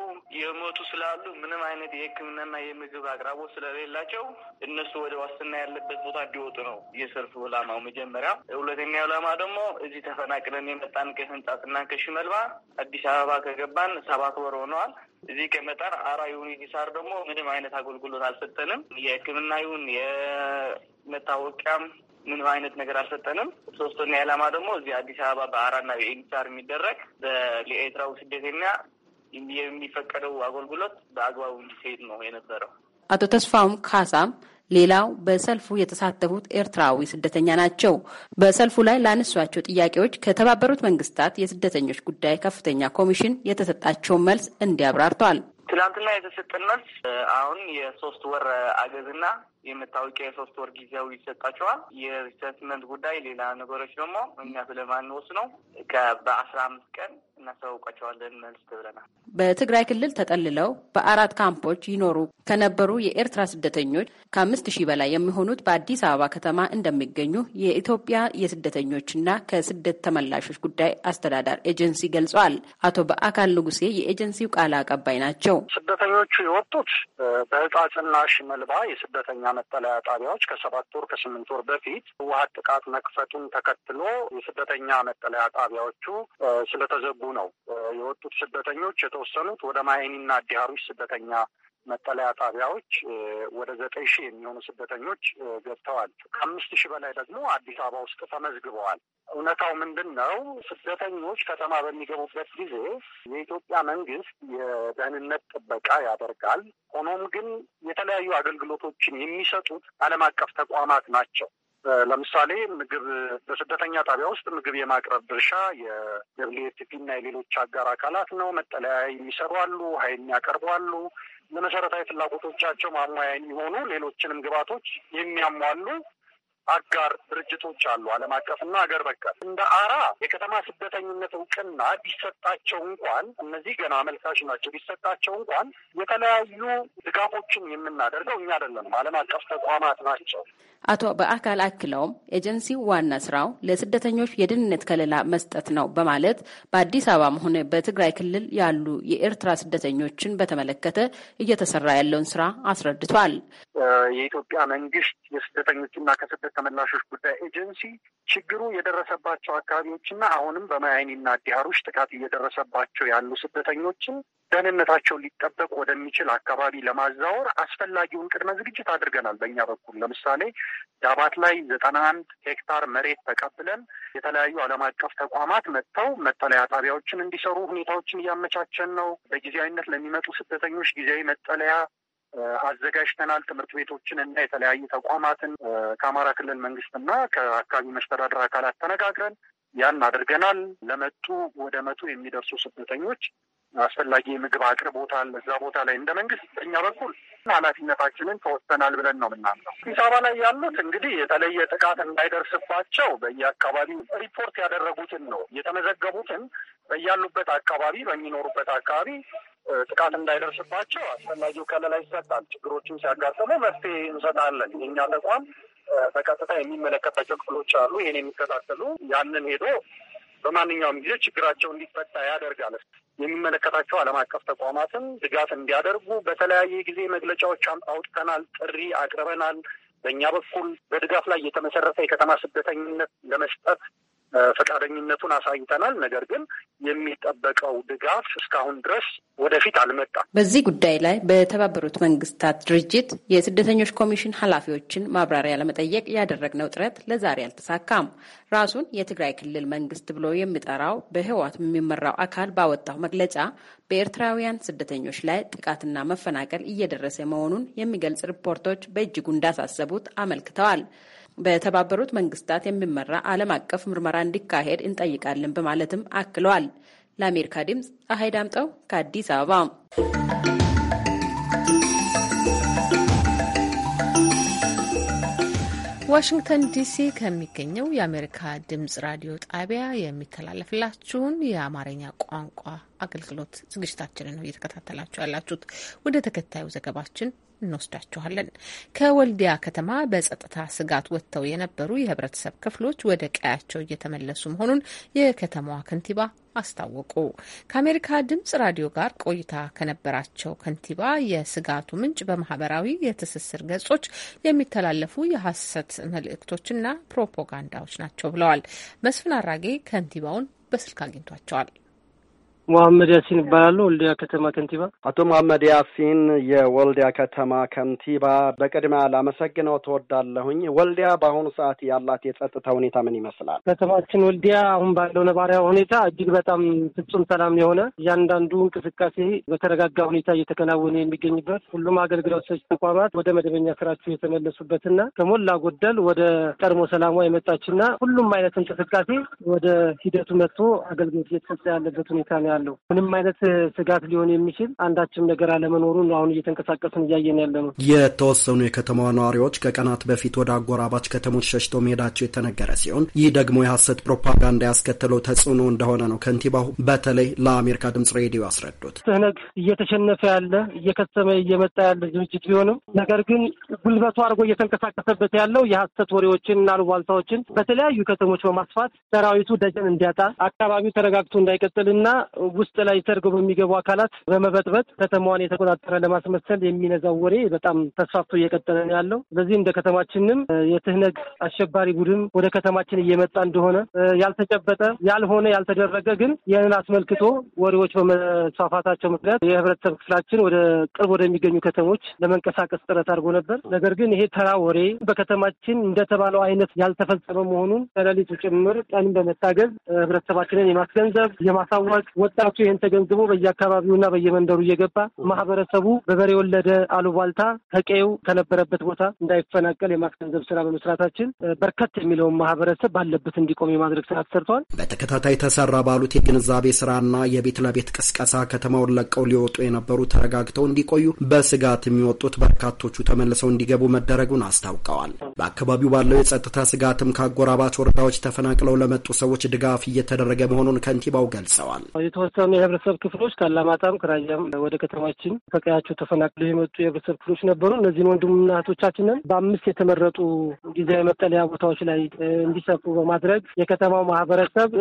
የሞቱ ስላሉ ምንም አይነት የሕክምናና የምግብ አቅራቦት ስለሌላቸው እነሱ ወደ ዋስትና ያለበት ቦታ እንዲወጡ ነው የሰልፉ ዓላማው መጀመሪያ። ሁለተኛው ዓላማ ደግሞ እዚህ ተፈናቅለን የመጣን ከህንጻትና ከሽመልባ አዲስ አበባ ከገባን ሰባት ወር ሆነዋል። እዚህ ከመጣን አራ ይሁን ሂሳር ደግሞ ምንም አይነት አገልግሎት አልሰጠንም። የህክምና ይሁን የመታወቂያም ምንም አይነት ነገር አልሰጠንም። ሶስተኛ ዓላማ ደግሞ እዚህ አዲስ አበባ በአራና በኢንሳር የሚደረግ ለኤርትራው ስደተኛ የሚፈቀደው አገልግሎት በአግባቡ እንዲካሄድ ነው የነበረው። አቶ ተስፋውም ካሳም ሌላው በሰልፉ የተሳተፉት ኤርትራዊ ስደተኛ ናቸው። በሰልፉ ላይ ላነሷቸው ጥያቄዎች ከተባበሩት መንግስታት የስደተኞች ጉዳይ ከፍተኛ ኮሚሽን የተሰጣቸውን መልስ እንዲያብራርተዋል። ትላንትና የተሰጠን መልስ አሁን የሶስት ወር አገዝና የመታወቂያ የሶስት ወር ጊዜያዊ ይሰጣቸዋል። የሪሰስመንት ጉዳይ፣ ሌላ ነገሮች ደግሞ እኛ ስለማንወስነው በአስራ አምስት ቀን እናሳውቃቸዋለን መልስ ብለናል። በትግራይ ክልል ተጠልለው በአራት ካምፖች ይኖሩ ከነበሩ የኤርትራ ስደተኞች ከአምስት ሺህ በላይ የሚሆኑት በአዲስ አበባ ከተማ እንደሚገኙ የኢትዮጵያ የስደተኞችና ከስደት ተመላሾች ጉዳይ አስተዳደር ኤጀንሲ ገልጿል። አቶ በአካል ንጉሴ የኤጀንሲው ቃል አቀባይ ናቸው። ስደተኞቹ የወጡት በህጻጽና ሽመልባ የስደተኛ መጠለያ ጣቢያዎች ከሰባት ወር ከስምንት ወር በፊት ህወሀት ጥቃት መክፈቱን ተከትሎ የስደተኛ መጠለያ ጣቢያዎቹ ስለተዘጉ ነው የወጡት ስደተኞች የተወሰኑት ወደ ማይኒና አዲሃሩሽ ስደተኛ መጠለያ ጣቢያዎች ወደ ዘጠኝ ሺህ የሚሆኑ ስደተኞች ገብተዋል። ከአምስት ሺህ በላይ ደግሞ አዲስ አበባ ውስጥ ተመዝግበዋል። እውነታው ምንድን ነው? ስደተኞች ከተማ በሚገቡበት ጊዜ የኢትዮጵያ መንግስት የደህንነት ጥበቃ ያደርጋል። ሆኖም ግን የተለያዩ አገልግሎቶችን የሚሰጡት ዓለም አቀፍ ተቋማት ናቸው። ለምሳሌ ምግብ በስደተኛ ጣቢያ ውስጥ ምግብ የማቅረብ ድርሻ የደብሊው ኤፍ ፒ እና የሌሎች አጋር አካላት ነው። መጠለያ የሚሰሩ አሉ፣ ኃይል ያቀርቡ አሉ፣ ለመሰረታዊ ፍላጎቶቻቸው ማሟያ የሚሆኑ ሌሎችንም ግባቶች የሚያሟሉ አጋር ድርጅቶች አሉ፣ ዓለም አቀፍና ሀገር በቀል። እንደ አራ የከተማ ስደተኝነት እውቅና ቢሰጣቸው እንኳን እነዚህ ገና አመልካች ናቸው። ቢሰጣቸው እንኳን የተለያዩ ድጋፎችን የምናደርገው እኛ አይደለንም፣ ዓለም አቀፍ ተቋማት ናቸው። አቶ በአካል አክለውም ኤጀንሲው ዋና ስራው ለስደተኞች የደህንነት ከለላ መስጠት ነው በማለት በአዲስ አበባም ሆነ በትግራይ ክልል ያሉ የኤርትራ ስደተኞችን በተመለከተ እየተሰራ ያለውን ስራ አስረድቷል። የኢትዮጵያ መንግስት የስደተኞችና ከስደት ተመላሾች ጉዳይ ኤጀንሲ ችግሩ የደረሰባቸው አካባቢዎችና አሁንም በመያይኒና አዲሃሮች ጥቃት እየደረሰባቸው ያሉ ስደተኞችን ደህንነታቸው ሊጠበቅ ወደሚችል አካባቢ ለማዛወር አስፈላጊውን ቅድመ ዝግጅት አድርገናል። በእኛ በኩል ለምሳሌ ዳባት ላይ ዘጠና አንድ ሄክታር መሬት ተቀብለን የተለያዩ ዓለም አቀፍ ተቋማት መጥተው መጠለያ ጣቢያዎችን እንዲሰሩ ሁኔታዎችን እያመቻቸን ነው። በጊዜያዊነት ለሚመጡ ስደተኞች ጊዜያዊ መጠለያ አዘጋጅተናል። ትምህርት ቤቶችን እና የተለያዩ ተቋማትን ከአማራ ክልል መንግስትና ከአካባቢ መስተዳደር አካላት ተነጋግረን ያን አድርገናል። ለመጡ ወደ መቶ የሚደርሱ ስደተኞች አስፈላጊ የምግብ አለ። እዛ ቦታ ላይ እንደ መንግስት በእኛ በኩል ኃላፊነታችንን ተወሰናል ብለን ነው የምናምነው። አዲስ አበባ ላይ ያሉት እንግዲህ የተለየ ጥቃት እንዳይደርስባቸው በየአካባቢው ሪፖርት ያደረጉትን ነው የተመዘገቡትን በያሉበት አካባቢ በሚኖሩበት አካባቢ ጥቃት እንዳይደርስባቸው አስፈላጊው ከለላ ይሰጣል። ችግሮችን ሲያጋጥሙ መፍትሄ እንሰጣለን። የእኛ ተቋም በቀጥታ የሚመለከታቸው ክፍሎች አሉ፣ ይህን የሚከታተሉ ያንን ሄዶ በማንኛውም ጊዜ ችግራቸው እንዲፈታ ያደርጋል። የሚመለከታቸው ዓለም አቀፍ ተቋማትም ድጋፍ እንዲያደርጉ በተለያየ ጊዜ መግለጫዎች አውጥተናል፣ ጥሪ አቅርበናል። በእኛ በኩል በድጋፍ ላይ የተመሰረተ የከተማ ስደተኝነት ለመስጠት ፈቃደኝነቱን አሳይተናል። ነገር ግን የሚጠበቀው ድጋፍ እስካሁን ድረስ ወደፊት አልመጣም። በዚህ ጉዳይ ላይ በተባበሩት መንግስታት ድርጅት የስደተኞች ኮሚሽን ኃላፊዎችን ማብራሪያ ለመጠየቅ ያደረግነው ጥረት ለዛሬ አልተሳካም። ራሱን የትግራይ ክልል መንግስት ብሎ የሚጠራው በህወሓት የሚመራው አካል ባወጣው መግለጫ በኤርትራውያን ስደተኞች ላይ ጥቃትና መፈናቀል እየደረሰ መሆኑን የሚገልጽ ሪፖርቶች በእጅጉ እንዳሳሰቡት አመልክተዋል። በተባበሩት መንግስታት የሚመራ ዓለም አቀፍ ምርመራ እንዲካሄድ እንጠይቃለን በማለትም አክለዋል። ለአሜሪካ ድምፅ ፀሐይ ዳምጠው ከአዲስ አበባ። ዋሽንግተን ዲሲ ከሚገኘው የአሜሪካ ድምጽ ራዲዮ ጣቢያ የሚተላለፍላችሁን የአማርኛ ቋንቋ አገልግሎት ዝግጅታችንን ነው እየተከታተላችሁ ያላችሁት። ወደ ተከታዩ ዘገባችን እንወስዳችኋለን። ከወልዲያ ከተማ በጸጥታ ስጋት ወጥተው የነበሩ የህብረተሰብ ክፍሎች ወደ ቀያቸው እየተመለሱ መሆኑን የከተማዋ ከንቲባ አስታወቁ። ከአሜሪካ ድምጽ ራዲዮ ጋር ቆይታ ከነበራቸው ከንቲባ የስጋቱ ምንጭ በማህበራዊ የትስስር ገጾች የሚተላለፉ የሐሰት መልእክቶችና ፕሮፓጋንዳዎች ናቸው ብለዋል። መስፍን አራጌ ከንቲባውን በስልክ አግኝቷቸዋል። መሐመድ ያሲን ይባላሉ። ወልዲያ ከተማ ከንቲባ። አቶ መሐመድ ያሲን የወልዲያ ከተማ ከንቲባ፣ በቅድሚያ ላመሰግነው ትወዳለሁኝ። ወልዲያ በአሁኑ ሰዓት ያላት የጸጥታ ሁኔታ ምን ይመስላል? ከተማችን ወልዲያ አሁን ባለው ነባሪያ ሁኔታ እጅግ በጣም ፍጹም ሰላም የሆነ እያንዳንዱ እንቅስቃሴ በተረጋጋ ሁኔታ እየተከናወነ የሚገኝበት ሁሉም አገልግሎት ሰጪ ተቋማት ወደ መደበኛ ስራቸው የተመለሱበትና ከሞላ ጎደል ወደ ቀድሞ ሰላሟ የመጣችና ሁሉም አይነት እንቅስቃሴ ወደ ሂደቱ መጥቶ አገልግሎት እየተሰጠ ያለበት ሁኔታ ነው ያለው። ምንም አይነት ስጋት ሊሆን የሚችል አንዳችም ነገር ነው አሁን እየተንቀሳቀስን እያየን ያለ ነው። የተወሰኑ የከተማ ነዋሪዎች ከቀናት በፊት ወደ አጎራባች ከተሞች ሸሽተው መሄዳቸው የተነገረ ሲሆን ይህ ደግሞ የሐሰት ፕሮፓጋንዳ ያስከተለው ተጽዕኖ እንደሆነ ነው ከንቲባው በተለይ ለአሜሪካ ድምጽ ሬዲዮ ያስረዱት። ትህነግ እየተሸነፈ ያለ እየከሰመ እየመጣ ያለ ድርጅት ቢሆንም ነገር ግን ጉልበቱ አድርጎ እየተንቀሳቀሰበት ያለው የሐሰት ወሬዎችን እና አሉባልታዎችን በተለያዩ ከተሞች በማስፋት ሰራዊቱ ደጀን እንዲያጣ አካባቢው ተረጋግቶ እንዳይቀጥልና ውስጥ ላይ ሰርገው በሚገቡ አካላት በመበጥበጥ ከተማዋን የተቆጣጠረ ለማስመሰል የሚነዛው ወሬ በጣም ተስፋፍቶ እየቀጠለ ነው ያለው። በዚህ እንደ ከተማችንም የትህነግ አሸባሪ ቡድን ወደ ከተማችን እየመጣ እንደሆነ ያልተጨበጠ ያልሆነ ያልተደረገ ግን ይህንን አስመልክቶ ወሬዎች በመስፋፋታቸው ምክንያት የህብረተሰብ ክፍላችን ወደ ቅርብ ወደሚገኙ ከተሞች ለመንቀሳቀስ ጥረት አድርጎ ነበር። ነገር ግን ይሄ ተራ ወሬ በከተማችን እንደተባለው አይነት ያልተፈጸመ መሆኑን ከሌሊቱ ጭምር ቀንም በመታገዝ ህብረተሰባችንን የማስገንዘብ የማሳወቅ ወጥ ወጣቱ ይህን ተገንዝቦ በየአካባቢውና በየመንደሩ እየገባ ማህበረሰቡ በበሬ ወለደ አሉባልታ ከቀዬው ከነበረበት ቦታ እንዳይፈናቀል የማስገንዘብ ስራ በመስራታችን በርከት የሚለውን ማህበረሰብ ባለበት እንዲቆም የማድረግ ስራ ተሰርተዋል። በተከታታይ ተሰራ ባሉት የግንዛቤ ስራና የቤት ለቤት ቅስቀሳ ከተማውን ለቀው ሊወጡ የነበሩ ተረጋግተው እንዲቆዩ በስጋት የሚወጡት በርካቶቹ ተመልሰው እንዲገቡ መደረጉን አስታውቀዋል። በአካባቢው ባለው የጸጥታ ስጋትም ከአጎራባች ወረዳዎች ተፈናቅለው ለመጡ ሰዎች ድጋፍ እየተደረገ መሆኑን ከንቲባው ገልጸዋል። የተወሰኑ የህብረተሰብ ክፍሎች ከአላማጣም ከራያም ወደ ከተማችን ከቀያቸው ተፈናቅለው የመጡ የህብረተሰብ ክፍሎች ነበሩ። እነዚህን ወንድምና እህቶቻችንን በአምስት የተመረጡ ጊዜያዊ መጠለያ ቦታዎች ላይ እንዲሰፉ በማድረግ የከተማው ማህበረሰብ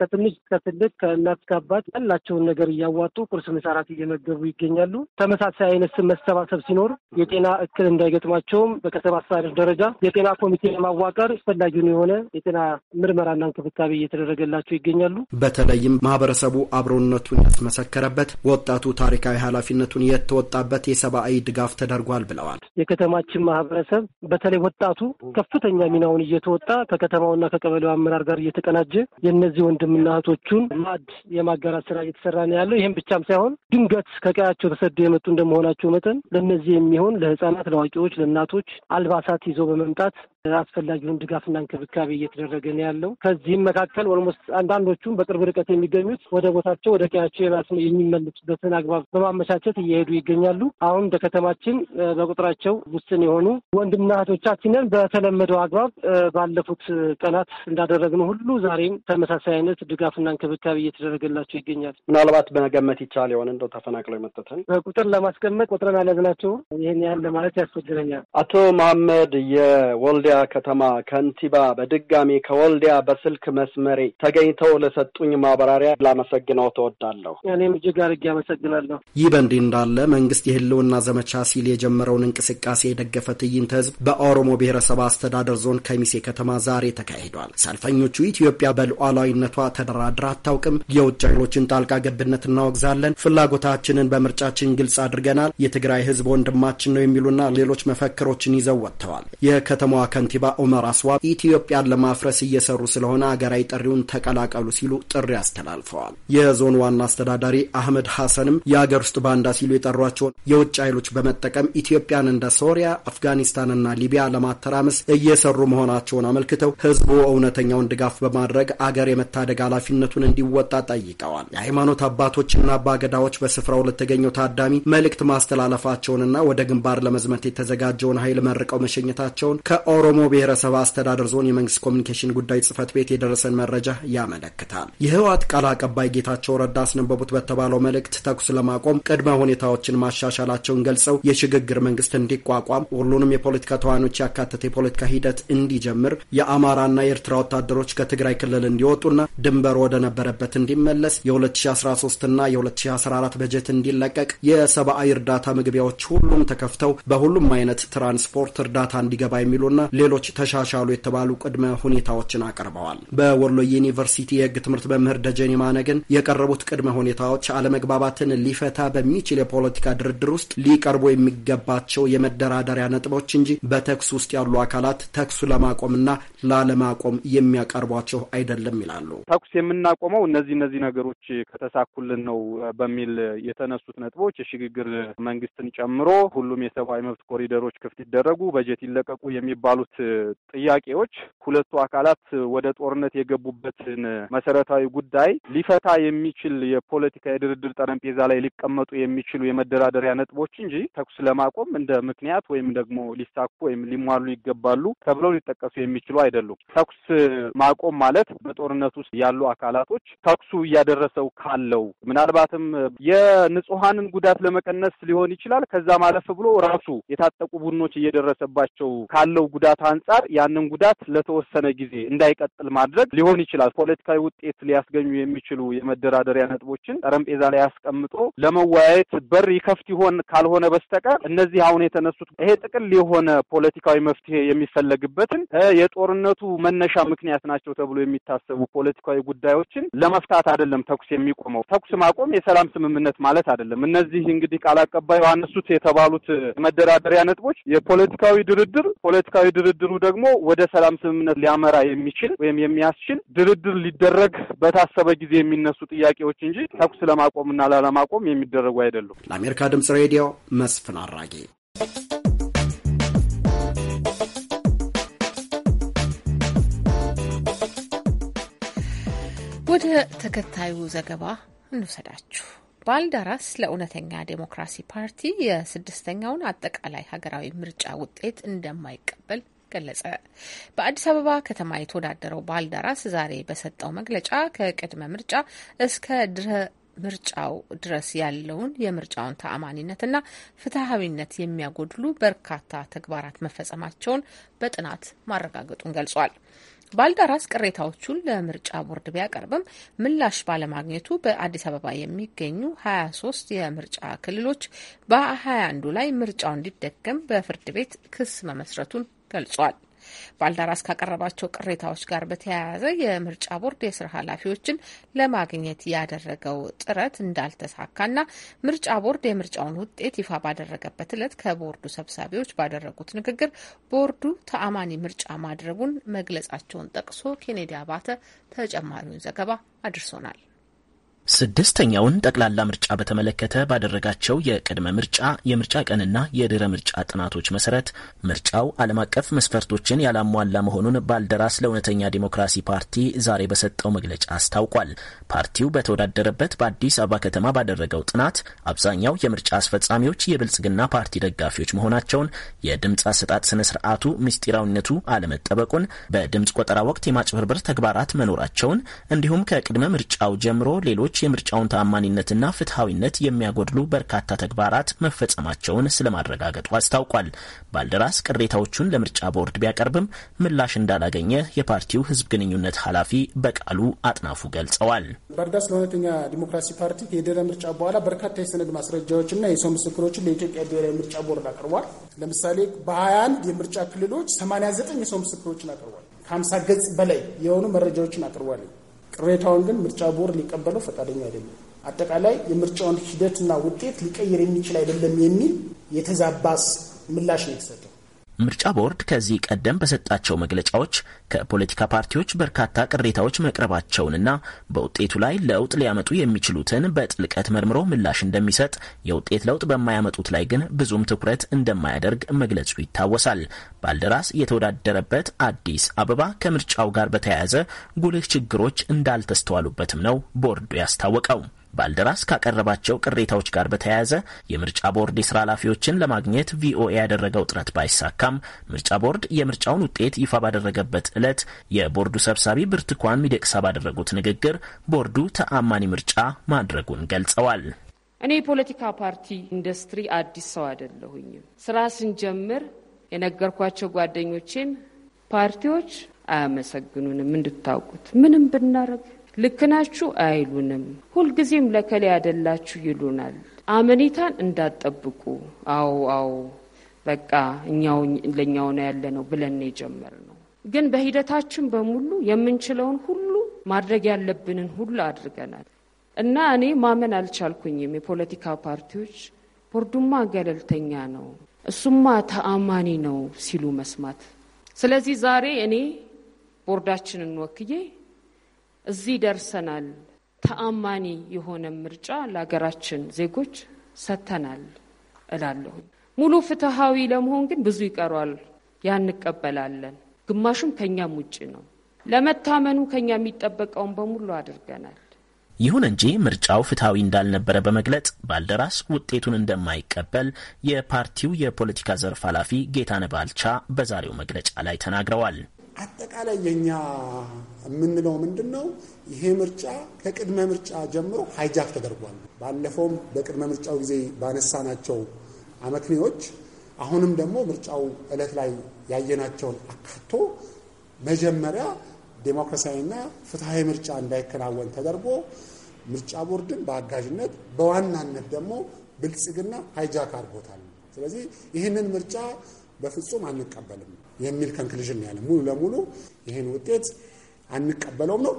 ከትንሽ ከትልቅ ከእናት ከአባት ያላቸውን ነገር እያዋጡ ቁርስ፣ ምሳ፣ እራት እየመገቡ ይገኛሉ። ተመሳሳይ አይነት መሰባሰብ ሲኖር የጤና እክል እንዳይገጥማቸውም በከተማ አስተዳደር ደረጃ የጤና ኮሚቴ ለማዋቀር አስፈላጊውን የሆነ የጤና ምርመራና እንክብካቤ እየተደረገላቸው ይገኛሉ። በተለይም ማህበረሰቡ አብሮ አጋሩነቱን ያስመሰከረበት ወጣቱ ታሪካዊ ኃላፊነቱን የተወጣበት የሰብአዊ ድጋፍ ተደርጓል ብለዋል። የከተማችን ማህበረሰብ በተለይ ወጣቱ ከፍተኛ ሚናውን እየተወጣ ከከተማውና ከቀበሌው አመራር ጋር እየተቀናጀ የእነዚህ ወንድምና እህቶቹን ማዕድ የማጋራት ስራ እየተሰራ ነው ያለው። ይህም ብቻም ሳይሆን ድንገት ከቀያቸው ተሰደው የመጡ እንደመሆናቸው መጠን ለእነዚህ የሚሆን ለህጻናት፣ ለአዋቂዎች፣ ለእናቶች አልባሳት ይዞ በመምጣት አስፈላጊውን ድጋፍና እንክብካቤ እየተደረገ ነው ያለው። ከዚህም መካከል ኦልሞስት አንዳንዶቹም በቅርብ ርቀት የሚገኙት ወደ ቦታ ተመልሰዋቸው ወደ ቀያቸው የባስ የሚመልሱበትን አግባብ በማመቻቸት እየሄዱ ይገኛሉ። አሁን እንደ ከተማችን በቁጥራቸው ውስን የሆኑ ወንድምና እህቶቻችንን በተለመደው አግባብ ባለፉት ቀናት እንዳደረግነው ሁሉ ዛሬም ተመሳሳይ አይነት ድጋፍና እንክብካቤ እየተደረገላቸው ይገኛል። ምናልባት በመገመት ይቻል የሆነ እንደው ተፈናቅለው የመጡትን በቁጥር ለማስቀመጥ ቁጥረን አለዝናቸው ይህን ያህል ለማለት ያስቸግረኛል። አቶ መሐመድ የወልዲያ ከተማ ከንቲባ፣ በድጋሚ ከወልዲያ በስልክ መስመሬ ተገኝተው ለሰጡኝ ማብራሪያ ላመሰግነው ለማወት እወዳለሁ። እኔም እጅግ አድርጌ አመሰግናለሁ። ይህ በእንዲህ እንዳለ መንግስት የህልውና ዘመቻ ሲል የጀመረውን እንቅስቃሴ የደገፈ ትዕይንተ ህዝብ በኦሮሞ ብሔረሰብ አስተዳደር ዞን ከሚሴ ከተማ ዛሬ ተካሂዷል። ሰልፈኞቹ ኢትዮጵያ በሉዓላዊነቷ ተደራድር አታውቅም፣ የውጭ ኃይሎችን ጣልቃ ገብነት እናወግዛለን፣ ፍላጎታችንን በምርጫችን ግልጽ አድርገናል፣ የትግራይ ህዝብ ወንድማችን ነው የሚሉና ሌሎች መፈክሮችን ይዘው ወጥተዋል። የከተማዋ ከንቲባ ኡመር አስዋብ ኢትዮጵያን ለማፍረስ እየሰሩ ስለሆነ አገራዊ ጥሪውን ተቀላቀሉ ሲሉ ጥሪ አስተላልፈዋል። የዞን ዋና አስተዳዳሪ አህመድ ሐሰንም የአገር ውስጥ ባንዳ ሲሉ የጠሯቸውን የውጭ ኃይሎች በመጠቀም ኢትዮጵያን እንደ ሶሪያ፣ አፍጋኒስታንና ሊቢያ ለማተራመስ እየሰሩ መሆናቸውን አመልክተው ህዝቡ እውነተኛውን ድጋፍ በማድረግ አገር የመታደግ ኃላፊነቱን እንዲወጣ ጠይቀዋል። የሃይማኖት አባቶችና አባገዳዎች በስፍራው ለተገኘው ታዳሚ መልእክት ማስተላለፋቸውንና ወደ ግንባር ለመዝመት የተዘጋጀውን ኃይል መርቀው መሸኘታቸውን ከኦሮሞ ብሔረሰብ አስተዳደር ዞን የመንግስት ኮሚኒኬሽን ጉዳይ ጽህፈት ቤት የደረሰን መረጃ ያመለክታል። የህወሓት ቃል አቀባይ ጌታቸው ጌታቸው ረዳ አስነበቡት በተባለው መልእክት ተኩስ ለማቆም ቅድመ ሁኔታዎችን ማሻሻላቸውን ገልጸው የሽግግር መንግስት እንዲቋቋም ሁሉንም የፖለቲካ ተዋኖች ያካተተ የፖለቲካ ሂደት እንዲጀምር የአማራና የኤርትራ ወታደሮች ከትግራይ ክልል እንዲወጡና ድንበር ወደ ነበረበት እንዲመለስ የ2013ና የ2014 በጀት እንዲለቀቅ የሰብአዊ እርዳታ መግቢያዎች ሁሉም ተከፍተው በሁሉም አይነት ትራንስፖርት እርዳታ እንዲገባ የሚሉና ሌሎች ተሻሻሉ የተባሉ ቅድመ ሁኔታዎችን አቅርበዋል። በወሎ ዩኒቨርሲቲ የህግ ትምህርት መምህር ደጀኔ ማነ ግን የቀ የቀረቡት ቅድመ ሁኔታዎች አለመግባባትን ሊፈታ በሚችል የፖለቲካ ድርድር ውስጥ ሊቀርቡ የሚገባቸው የመደራደሪያ ነጥቦች እንጂ በተኩስ ውስጥ ያሉ አካላት ተኩሱ ለማቆምና ላለማቆም የሚያቀርቧቸው አይደለም ይላሉ። ተኩስ የምናቆመው እነዚህ እነዚህ ነገሮች ከተሳኩልን ነው በሚል የተነሱት ነጥቦች የሽግግር መንግስትን ጨምሮ ሁሉም የሰብአዊ መብት ኮሪደሮች ክፍት ይደረጉ፣ በጀት ይለቀቁ የሚባሉት ጥያቄዎች ሁለቱ አካላት ወደ ጦርነት የገቡበትን መሰረታዊ ጉዳይ ሊፈታ የሚ የሚችል የፖለቲካ የድርድር ጠረጴዛ ላይ ሊቀመጡ የሚችሉ የመደራደሪያ ነጥቦች እንጂ ተኩስ ለማቆም እንደ ምክንያት ወይም ደግሞ ሊሳኩ ወይም ሊሟሉ ይገባሉ ተብለው ሊጠቀሱ የሚችሉ አይደሉም። ተኩስ ማቆም ማለት በጦርነት ውስጥ ያሉ አካላቶች ተኩሱ እያደረሰው ካለው ምናልባትም የንጹሐንን ጉዳት ለመቀነስ ሊሆን ይችላል። ከዛ ማለፍ ብሎ ራሱ የታጠቁ ቡድኖች እየደረሰባቸው ካለው ጉዳት አንጻር ያንን ጉዳት ለተወሰነ ጊዜ እንዳይቀጥል ማድረግ ሊሆን ይችላል። ፖለቲካዊ ውጤት ሊያስገኙ የሚችሉ የመደረ መደራደሪያ ነጥቦችን ጠረጴዛ ላይ አስቀምጦ ለመወያየት በር ይከፍት ይሆን? ካልሆነ በስተቀር እነዚህ አሁን የተነሱት ይሄ ጥቅል የሆነ ፖለቲካዊ መፍትሄ የሚፈለግበትን የጦርነቱ መነሻ ምክንያት ናቸው ተብሎ የሚታሰቡ ፖለቲካዊ ጉዳዮችን ለመፍታት አይደለም ተኩስ የሚቆመው። ተኩስ ማቆም የሰላም ስምምነት ማለት አይደለም። እነዚህ እንግዲህ ቃል አቀባዩ አነሱት የተባሉት መደራደሪያ ነጥቦች የፖለቲካዊ ድርድር ፖለቲካዊ ድርድሩ ደግሞ ወደ ሰላም ስምምነት ሊያመራ የሚችል ወይም የሚያስችል ድርድር ሊደረግ በታሰበ ጊዜ የሚነሱ ጥያቄ ጥያቄዎች እንጂ ተኩስ ለማቆምና ላለማቆም የሚደረጉ አይደሉም። ለአሜሪካ ድምጽ ሬዲዮ መስፍን አራጌ። ወደ ተከታዩ ዘገባ እንውሰዳችሁ። ባልደራስ ለእውነተኛ ዴሞክራሲ ፓርቲ የስድስተኛውን አጠቃላይ ሀገራዊ ምርጫ ውጤት እንደማይቀበል ገለጸ። በአዲስ አበባ ከተማ የተወዳደረው ባልደራስ ዛሬ በሰጠው መግለጫ ከቅድመ ምርጫ እስከ ድረ ምርጫው ድረስ ያለውን የምርጫውን ተአማኒነትና ፍትሐዊነት የሚያጎድሉ በርካታ ተግባራት መፈጸማቸውን በጥናት ማረጋገጡን ገልጿል። ባልደራስ ቅሬታዎቹን ለምርጫ ቦርድ ቢያቀርብም ምላሽ ባለማግኘቱ በአዲስ አበባ የሚገኙ 23 የምርጫ ክልሎች በ21ዱ ላይ ምርጫው እንዲደገም በፍርድ ቤት ክስ መመስረቱን ገልጿል። ባልዳራስ ካቀረባቸው ቅሬታዎች ጋር በተያያዘ የምርጫ ቦርድ የስራ ኃላፊዎችን ለማግኘት ያደረገው ጥረት እንዳልተሳካና ምርጫ ቦርድ የምርጫውን ውጤት ይፋ ባደረገበት ዕለት ከቦርዱ ሰብሳቢዎች ባደረጉት ንግግር ቦርዱ ተአማኒ ምርጫ ማድረጉን መግለጻቸውን ጠቅሶ ኬኔዲ አባተ ተጨማሪውን ዘገባ አድርሶናል። ስድስተኛውን ጠቅላላ ምርጫ በተመለከተ ባደረጋቸው የቅድመ ምርጫ የምርጫ ቀንና የድረ ምርጫ ጥናቶች መሰረት ምርጫው ዓለም አቀፍ መስፈርቶችን ያላሟላ መሆኑን ባልደራስ ለእውነተኛ ዲሞክራሲ ፓርቲ ዛሬ በሰጠው መግለጫ አስታውቋል። ፓርቲው በተወዳደረበት በአዲስ አበባ ከተማ ባደረገው ጥናት አብዛኛው የምርጫ አስፈጻሚዎች የብልጽግና ፓርቲ ደጋፊዎች መሆናቸውን፣ የድምፅ አሰጣጥ ስነ ስርዓቱ ምስጢራዊነቱ አለመጠበቁን፣ በድምፅ ቆጠራ ወቅት የማጭበርበር ተግባራት መኖራቸውን እንዲሁም ከቅድመ ምርጫው ጀምሮ ሌሎች የምርጫውን ተአማኒነትና ፍትሐዊነት የሚያጎድሉ በርካታ ተግባራት መፈጸማቸውን ስለማረጋገጡ አስታውቋል። ባልደራስ ቅሬታዎቹን ለምርጫ ቦርድ ቢያቀርብም ምላሽ እንዳላገኘ የፓርቲው ህዝብ ግንኙነት ኃላፊ በቃሉ አጥናፉ ገልጸዋል። በእርዳስ ለእውነተኛ ዲሞክራሲ ፓርቲ ከሄደረ ምርጫ በኋላ በርካታ የሰነድ ማስረጃዎችና የሰው ምስክሮችን ለኢትዮጵያ ብሔራዊ ምርጫ ቦርድ አቅርቧል። ለምሳሌ በ21 የምርጫ ክልሎች 89 የሰው ምስክሮችን አቅርቧል። ከ50 ገጽ በላይ የሆኑ መረጃዎችን አቅርቧል። ቅሬታውን ግን ምርጫ ቦርድ ሊቀበለው ፈቃደኛ አይደለም። አጠቃላይ የምርጫውን ሂደትና ውጤት ሊቀይር የሚችል አይደለም የሚል የተዛባስ ምላሽ ነው የተሰጠው። ምርጫ ቦርድ ከዚህ ቀደም በሰጣቸው መግለጫዎች ከፖለቲካ ፓርቲዎች በርካታ ቅሬታዎች መቅረባቸውንና በውጤቱ ላይ ለውጥ ሊያመጡ የሚችሉትን በጥልቀት መርምሮ ምላሽ እንደሚሰጥ፣ የውጤት ለውጥ በማያመጡት ላይ ግን ብዙም ትኩረት እንደማያደርግ መግለጹ ይታወሳል። ባልደራስ የተወዳደረበት አዲስ አበባ ከምርጫው ጋር በተያያዘ ጉልህ ችግሮች እንዳልተስተዋሉበትም ነው ቦርዱ ያስታወቀው። ባልደራስ ካቀረባቸው ቅሬታዎች ጋር በተያያዘ የምርጫ ቦርድ የስራ ኃላፊዎችን ለማግኘት ቪኦኤ ያደረገው ጥረት ባይሳካም ምርጫ ቦርድ የምርጫውን ውጤት ይፋ ባደረገበት ዕለት የቦርዱ ሰብሳቢ ብርቱካን ሚደቅሳ ባደረጉት ንግግር ቦርዱ ተአማኒ ምርጫ ማድረጉን ገልጸዋል። እኔ የፖለቲካ ፓርቲ ኢንዱስትሪ አዲስ ሰው አይደለሁኝም። ስራ ስንጀምር የነገርኳቸው ጓደኞቼም ፓርቲዎች አያመሰግኑንም እንድታውቁት ምንም ብናረግ ልክናችሁ አይሉንም። ሁልጊዜም ለከሌ ያደላችሁ ይሉናል። አመኔታን እንዳትጠብቁ። አዎ አዎ በቃ እኛው ለእኛው ነው ያለ ነው ብለን ነው። ግን በሂደታችን በሙሉ የምንችለውን ሁሉ ማድረግ ያለብንን ሁሉ አድርገናል እና እኔ ማመን አልቻልኩኝም። የፖለቲካ ፓርቲዎች ቦርዱማ ገለልተኛ ነው፣ እሱማ ተአማኒ ነው ሲሉ መስማት። ስለዚህ ዛሬ እኔ ቦርዳችንን ወክዬ እዚህ ደርሰናል። ተአማኒ የሆነ ምርጫ ለሀገራችን ዜጎች ሰጥተናል እላለሁ። ሙሉ ፍትሐዊ ለመሆን ግን ብዙ ይቀሯል። ያንቀበላለን። ግማሹም ከእኛም ውጭ ነው። ለመታመኑ ከእኛ የሚጠበቀውን በሙሉ አድርገናል። ይሁን እንጂ ምርጫው ፍትሐዊ እንዳልነበረ በመግለጽ ባልደራስ ውጤቱን እንደማይቀበል የፓርቲው የፖለቲካ ዘርፍ ኃላፊ ጌታነ ባልቻ በዛሬው መግለጫ ላይ ተናግረዋል። አጠቃላይ የኛ የምንለው ምንድን ነው? ይሄ ምርጫ ከቅድመ ምርጫ ጀምሮ ሃይጃክ ተደርጓል። ባለፈውም በቅድመ ምርጫው ጊዜ ባነሳናቸው አመክንዮች፣ አሁንም ደግሞ ምርጫው እለት ላይ ያየናቸውን አካቶ መጀመሪያ ዴሞክራሲያዊና ፍትሐዊ ምርጫ እንዳይከናወን ተደርጎ ምርጫ ቦርድን በአጋዥነት በዋናነት ደግሞ ብልጽግና ሃይጃክ አድርጎታል። ስለዚህ ይህንን ምርጫ በፍጹም አንቀበልም። የሚል ከንክልሽን ያለ ሙሉ ለሙሉ ይህን ውጤት አንቀበለውም ነው።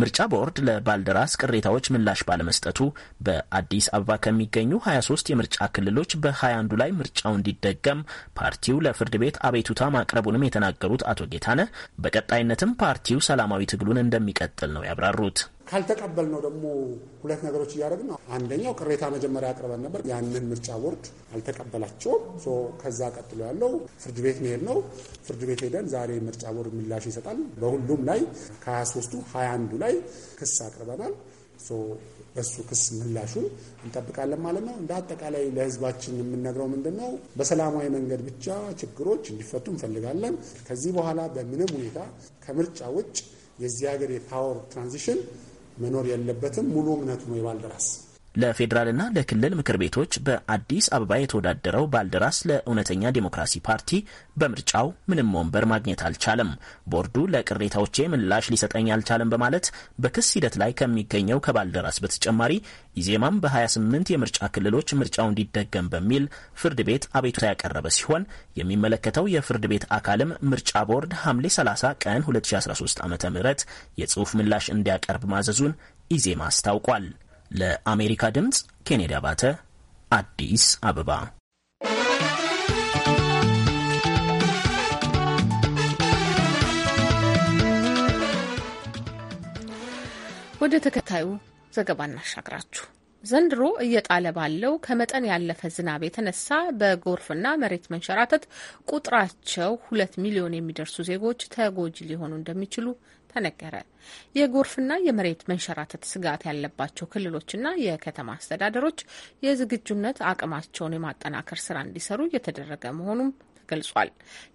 ምርጫ ቦርድ ለባልደራስ ቅሬታዎች ምላሽ ባለመስጠቱ በአዲስ አበባ ከሚገኙ 23 የምርጫ ክልሎች በ21ዱ ላይ ምርጫው እንዲደገም ፓርቲው ለፍርድ ቤት አቤቱታ ማቅረቡንም የተናገሩት አቶ ጌታነ በቀጣይነትም ፓርቲው ሰላማዊ ትግሉን እንደሚቀጥል ነው ያብራሩት። ካልተቀበል ነው ደግሞ ሁለት ነገሮች እያደረግን ነው። አንደኛው ቅሬታ መጀመሪያ አቅርበን ነበር። ያንን ምርጫ ቦርድ አልተቀበላቸውም። ከዛ ቀጥሎ ያለው ፍርድ ቤት መሄድ ነው። ፍርድ ቤት ሄደን ዛሬ ምርጫ ቦርድ ምላሽ ይሰጣል። በሁሉም ላይ ከ23ቱ 21ዱ ላይ ክስ አቅርበናል። በሱ ክስ ምላሹን እንጠብቃለን ማለት ነው። እንደ አጠቃላይ ለህዝባችን የምንነግረው ምንድን ነው? በሰላማዊ መንገድ ብቻ ችግሮች እንዲፈቱ እንፈልጋለን። ከዚህ በኋላ በምንም ሁኔታ ከምርጫ ውጭ የዚህ ሀገር የፓወር ትራንዚሽን መኖር የለበትም። ሙሉ እምነቱ ነው የባልደራስ ለፌዴራልና ለክልል ምክር ቤቶች በአዲስ አበባ የተወዳደረው ባልደራስ ለእውነተኛ ዴሞክራሲ ፓርቲ በምርጫው ምንም ወንበር ማግኘት አልቻለም። ቦርዱ ለቅሬታዎቼ ምላሽ ሊሰጠኝ አልቻለም በማለት በክስ ሂደት ላይ ከሚገኘው ከባልደራስ በተጨማሪ ኢዜማም በ28 የምርጫ ክልሎች ምርጫው እንዲደገም በሚል ፍርድ ቤት አቤቱታ ያቀረበ ሲሆን የሚመለከተው የፍርድ ቤት አካልም ምርጫ ቦርድ ሐምሌ 30 ቀን 2013 ዓ ም የጽሑፍ ምላሽ እንዲያቀርብ ማዘዙን ኢዜማ አስታውቋል። ለአሜሪካ ድምፅ ኬኔዲ አባተ አዲስ አበባ። ወደ ተከታዩ ዘገባ እናሻግራችሁ። ዘንድሮ እየጣለ ባለው ከመጠን ያለፈ ዝናብ የተነሳ በጎርፍና መሬት መንሸራተት ቁጥራቸው ሁለት ሚሊዮን የሚደርሱ ዜጎች ተጎጂ ሊሆኑ እንደሚችሉ ተነገረ። የጎርፍና የመሬት መንሸራተት ስጋት ያለባቸው ክልሎችና የከተማ አስተዳደሮች የዝግጁነት አቅማቸውን የማጠናከር ስራ እንዲሰሩ እየተደረገ መሆኑም ገልጿል።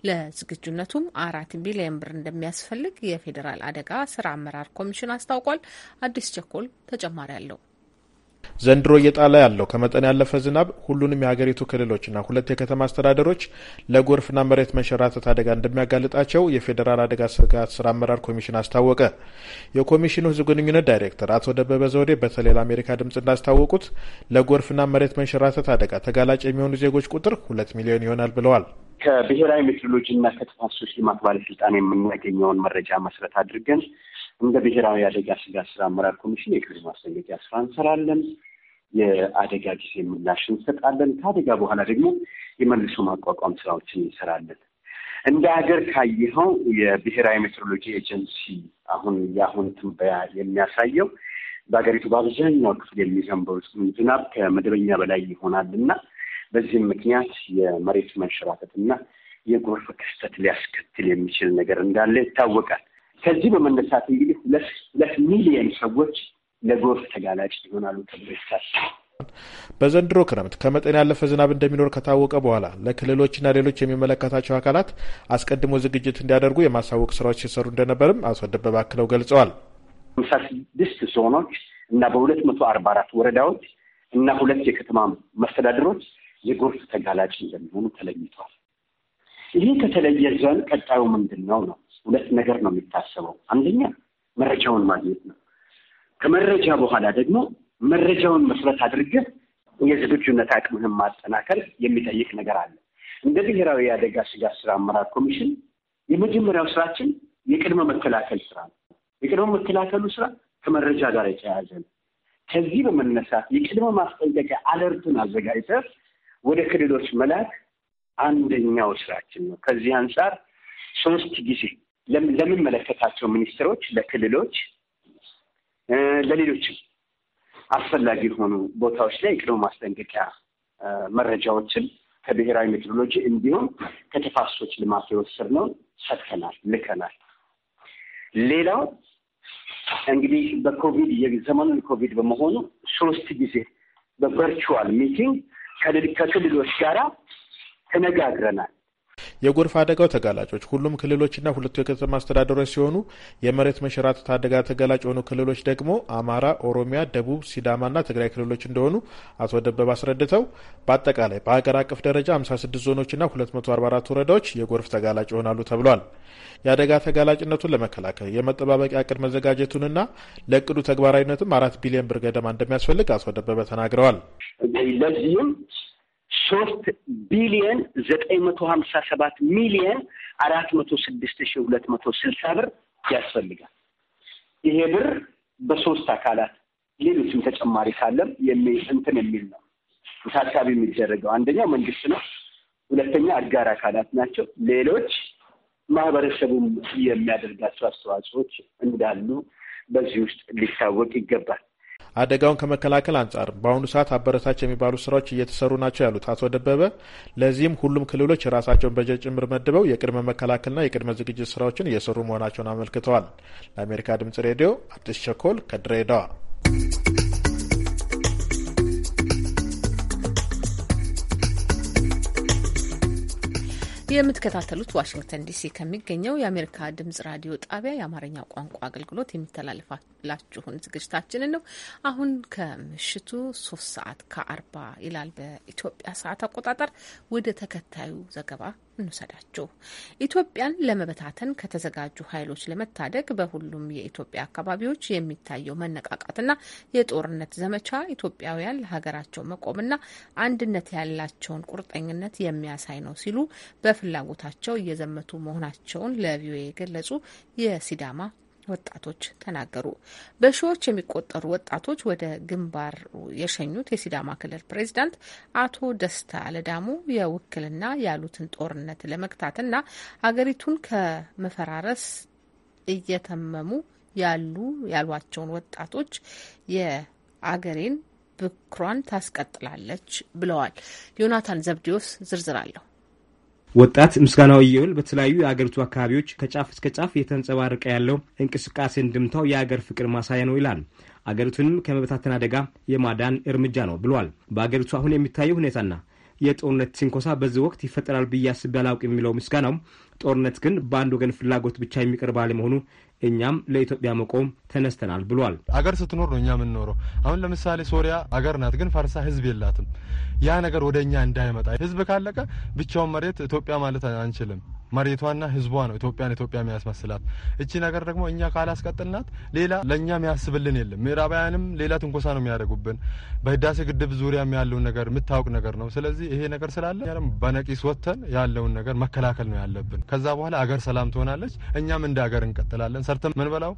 ለዝግጁነቱም አራት ቢሊዮን ብር እንደሚያስፈልግ የፌዴራል አደጋ ስራ አመራር ኮሚሽን አስታውቋል። አዲስ ቸኮል ተጨማሪ አለው። ዘንድሮ እየጣለ ያለው ከመጠን ያለፈ ዝናብ ሁሉንም የሀገሪቱ ክልሎችና ሁለት የከተማ አስተዳደሮች ለጎርፍና መሬት መንሸራተት አደጋ እንደሚያጋልጣቸው የፌዴራል አደጋ ስጋት ስራ አመራር ኮሚሽን አስታወቀ። የኮሚሽኑ ህዝብ ግንኙነት ዳይሬክተር አቶ ደበበ ዘውዴ በተለይ ለአሜሪካ ድምፅ እንዳስታወቁት ለጎርፍና መሬት መንሸራተት አደጋ ተጋላጭ የሚሆኑ ዜጎች ቁጥር ሁለት ሚሊዮን ይሆናል ብለዋል። ከብሔራዊ ሜትሮሎጂ ከተፋሰሶች ልማት ባለስልጣን የምናገኘውን መረጃ መሰረት አድርገን እንደ ብሔራዊ አደጋ ስጋት ስራ አመራር ኮሚሽን የቅድመ ማስጠንቀቂያ ስራ እንሰራለን። የአደጋ ጊዜ ምላሽ እንሰጣለን። ከአደጋ በኋላ ደግሞ የመልሶ ማቋቋም ስራዎችን እንሰራለን። እንደ ሀገር ካየኸው የብሔራዊ ሜትሮሎጂ ኤጀንሲ አሁን የአሁን ትንበያ የሚያሳየው በሀገሪቱ በአብዛኛው ክፍል የሚዘንበው ዝናብ ከመደበኛ በላይ ይሆናል እና በዚህም ምክንያት የመሬት እና የጎርፍ ክስተት ሊያስከትል የሚችል ነገር እንዳለ ይታወቃል። ከዚህ በመነሳት እንግዲህ ሁለት ሚሊየን ሰዎች ለጎርፍ ተጋላጭ ይሆናሉ ተብሎ ይታሰባል። በዘንድሮ ክረምት ከመጠን ያለፈ ዝናብ እንደሚኖር ከታወቀ በኋላ ለክልሎችና ሌሎች የሚመለከታቸው አካላት አስቀድሞ ዝግጅት እንዲያደርጉ የማሳወቅ ስራዎች ሲሰሩ እንደነበርም አቶ ደበበ አክለው ገልጸዋል። ሃምሳ ስድስት ዞኖች እና በሁለት መቶ አርባ አራት ወረዳዎች እና ሁለት የከተማ መስተዳድሮች የጎርፍ ተጋላጭ እንደሚሆኑ ተለይቷል። ይህ ከተለየ ዘን ቀጣዩ ምንድን ነው ነው ሁለት ነገር ነው የሚታሰበው። አንደኛ መረጃውን ማግኘት ነው። ከመረጃ በኋላ ደግሞ መረጃውን መስረት አድርገህ የዝግጁነት አቅምህን ማጠናከር የሚጠይቅ ነገር አለ። እንደ ብሔራዊ የአደጋ ስጋት ስራ አመራር ኮሚሽን የመጀመሪያው ስራችን የቅድመ መከላከል ስራ ነው። የቅድመ መከላከሉ ስራ ከመረጃ ጋር የተያያዘ ነው። ከዚህ በመነሳት የቅድመ ማስጠንቀቂያ አለርቱን አዘጋጅተህ ወደ ክልሎች መላክ አንደኛው ስራችን ነው። ከዚህ አንጻር ሶስት ጊዜ ለምንመለከታቸው ሚኒስትሮች፣ ለክልሎች፣ ለሌሎችም አስፈላጊ የሆኑ ቦታዎች ላይ የቅድመ ማስጠንቀቂያ መረጃዎችን ከብሔራዊ ሜትሮሎጂ እንዲሁም ከተፋሰሶች ልማት የወሰድነውን ሰጥተናል፣ ልከናል። ሌላው እንግዲህ በኮቪድ የዘመኑን ኮቪድ በመሆኑ ሶስት ጊዜ በቨርቹዋል ሚቲንግ ከክልሎች ጋራ ተነጋግረናል። የጎርፍ አደጋው ተጋላጮች ሁሉም ክልሎችና ሁለቱ የከተማ አስተዳደሮች ሲሆኑ የመሬት መንሸራተት አደጋ ተጋላጭ የሆኑ ክልሎች ደግሞ አማራ፣ ኦሮሚያ፣ ደቡብ፣ ሲዳማና ትግራይ ክልሎች እንደሆኑ አቶ ደበብ አስረድተው በአጠቃላይ በሀገር አቀፍ ደረጃ 56 ዞኖችና 244 ወረዳዎች የጎርፍ ተጋላጭ ይሆናሉ ተብሏል። የአደጋ ተጋላጭነቱን ለመከላከል የመጠባበቂያ እቅድ መዘጋጀቱንና ለእቅዱ ተግባራዊነትም አራት ቢሊዮን ብር ገደማ እንደሚያስፈልግ አቶ ደበበ ተናግረዋል። ለዚህም ሶስት ቢሊየን ዘጠኝ መቶ ሀምሳ ሰባት ሚሊየን አራት መቶ ስድስት ሺ ሁለት መቶ ስልሳ ብር ያስፈልጋል። ይሄ ብር በሶስት አካላት ሌሎችም ተጨማሪ ካለም እንትን የሚል ነው ታሳቢ የሚደረገው። አንደኛው መንግስት ነው። ሁለተኛ አጋር አካላት ናቸው። ሌሎች ማህበረሰቡም የሚያደርጋቸው አስተዋጽኦች እንዳሉ በዚህ ውስጥ ሊታወቅ ይገባል። አደጋውን ከመከላከል አንጻር በአሁኑ ሰዓት አበረታች የሚባሉ ስራዎች እየተሰሩ ናቸው ያሉት አቶ ደበበ ለዚህም ሁሉም ክልሎች የራሳቸውን በጀት ጭምር መድበው የቅድመ መከላከልና የቅድመ ዝግጅት ስራዎችን እየሰሩ መሆናቸውን አመልክተዋል። ለአሜሪካ ድምጽ ሬዲዮ አዲስ ቸኮል ከድሬዳዋ የምትከታተሉት ዋሽንግተን ዲሲ ከሚገኘው የአሜሪካ ድምጽ ራዲዮ ጣቢያ የአማርኛ ቋንቋ አገልግሎት የሚተላለፋላችሁን ዝግጅታችንን ነው። አሁን ከምሽቱ ሶስት ሰዓት ከአርባ ይላል በኢትዮጵያ ሰዓት አቆጣጠር። ወደ ተከታዩ ዘገባ እንውሰዳችሁ። ኢትዮጵያን ለመበታተን ከተዘጋጁ ኃይሎች ለመታደግ በሁሉም የኢትዮጵያ አካባቢዎች የሚታየው መነቃቃትና የጦርነት ዘመቻ ኢትዮጵያውያን ለሀገራቸው መቆምና አንድነት ያላቸውን ቁርጠኝነት የሚያሳይ ነው ሲሉ በፍላጎታቸው እየዘመቱ መሆናቸውን ለቪኦኤ የገለጹ የሲዳማ ወጣቶች ተናገሩ። በሺዎች የሚቆጠሩ ወጣቶች ወደ ግንባሩ የሸኙት የሲዳማ ክልል ፕሬዚዳንት አቶ ደስታ ለዳሙ የውክልና ያሉትን ጦርነት ለመግታትና አገሪቱን ከመፈራረስ እየተመሙ ያሉ ያሏቸውን ወጣቶች የአገሬን ብክሯን ታስቀጥላለች ብለዋል። ዮናታን ዘብዲዮስ ዝርዝር አለሁ ወጣት ምስጋናው እየውል በተለያዩ የአገሪቱ አካባቢዎች ከጫፍ እስከ ጫፍ እየተንጸባረቀ ያለው እንቅስቃሴ እንድምታው የአገር ፍቅር ማሳያ ነው ይላል። አገሪቱንም ከመበታተን አደጋ የማዳን እርምጃ ነው ብሏል። በአገሪቱ አሁን የሚታየው ሁኔታና የጦርነት ሲንኮሳ በዚህ ወቅት ይፈጠራል ብዬ አስቤ አላውቅም የሚለው ምስጋናው ጦርነት ግን በአንድ ወገን ፍላጎት ብቻ የሚቀርብ አለመሆኑ እኛም ለኢትዮጵያ መቆም ተነስተናል ብሏል። አገር ስትኖር ነው እኛ የምንኖረው። አሁን ለምሳሌ ሶሪያ አገር ናት፣ ግን ፈርሳ ህዝብ የላትም። ያ ነገር ወደ እኛ እንዳይመጣ ህዝብ ካለቀ ብቻውን መሬት ኢትዮጵያ ማለት አንችልም። መሬቷና ህዝቧ ነው ኢትዮጵያን ኢትዮጵያ የሚያስመስላት። እቺ ነገር ደግሞ እኛ ካላስቀጥልናት ሌላ ለእኛ የሚያስብልን የለም። ምዕራባውያንም ሌላ ትንኮሳ ነው የሚያደርጉብን። በህዳሴ ግድብ ዙሪያ ያለውን ነገር የምታውቅ ነገር ነው። ስለዚህ ይሄ ነገር ስላለ በነቂስ ወጥተን ያለውን ነገር መከላከል ነው ያለብን። ከዛ በኋላ አገር ሰላም ትሆናለች። እኛም እንደ አገር እንቀጥላለን። ሰርተን ምንበላው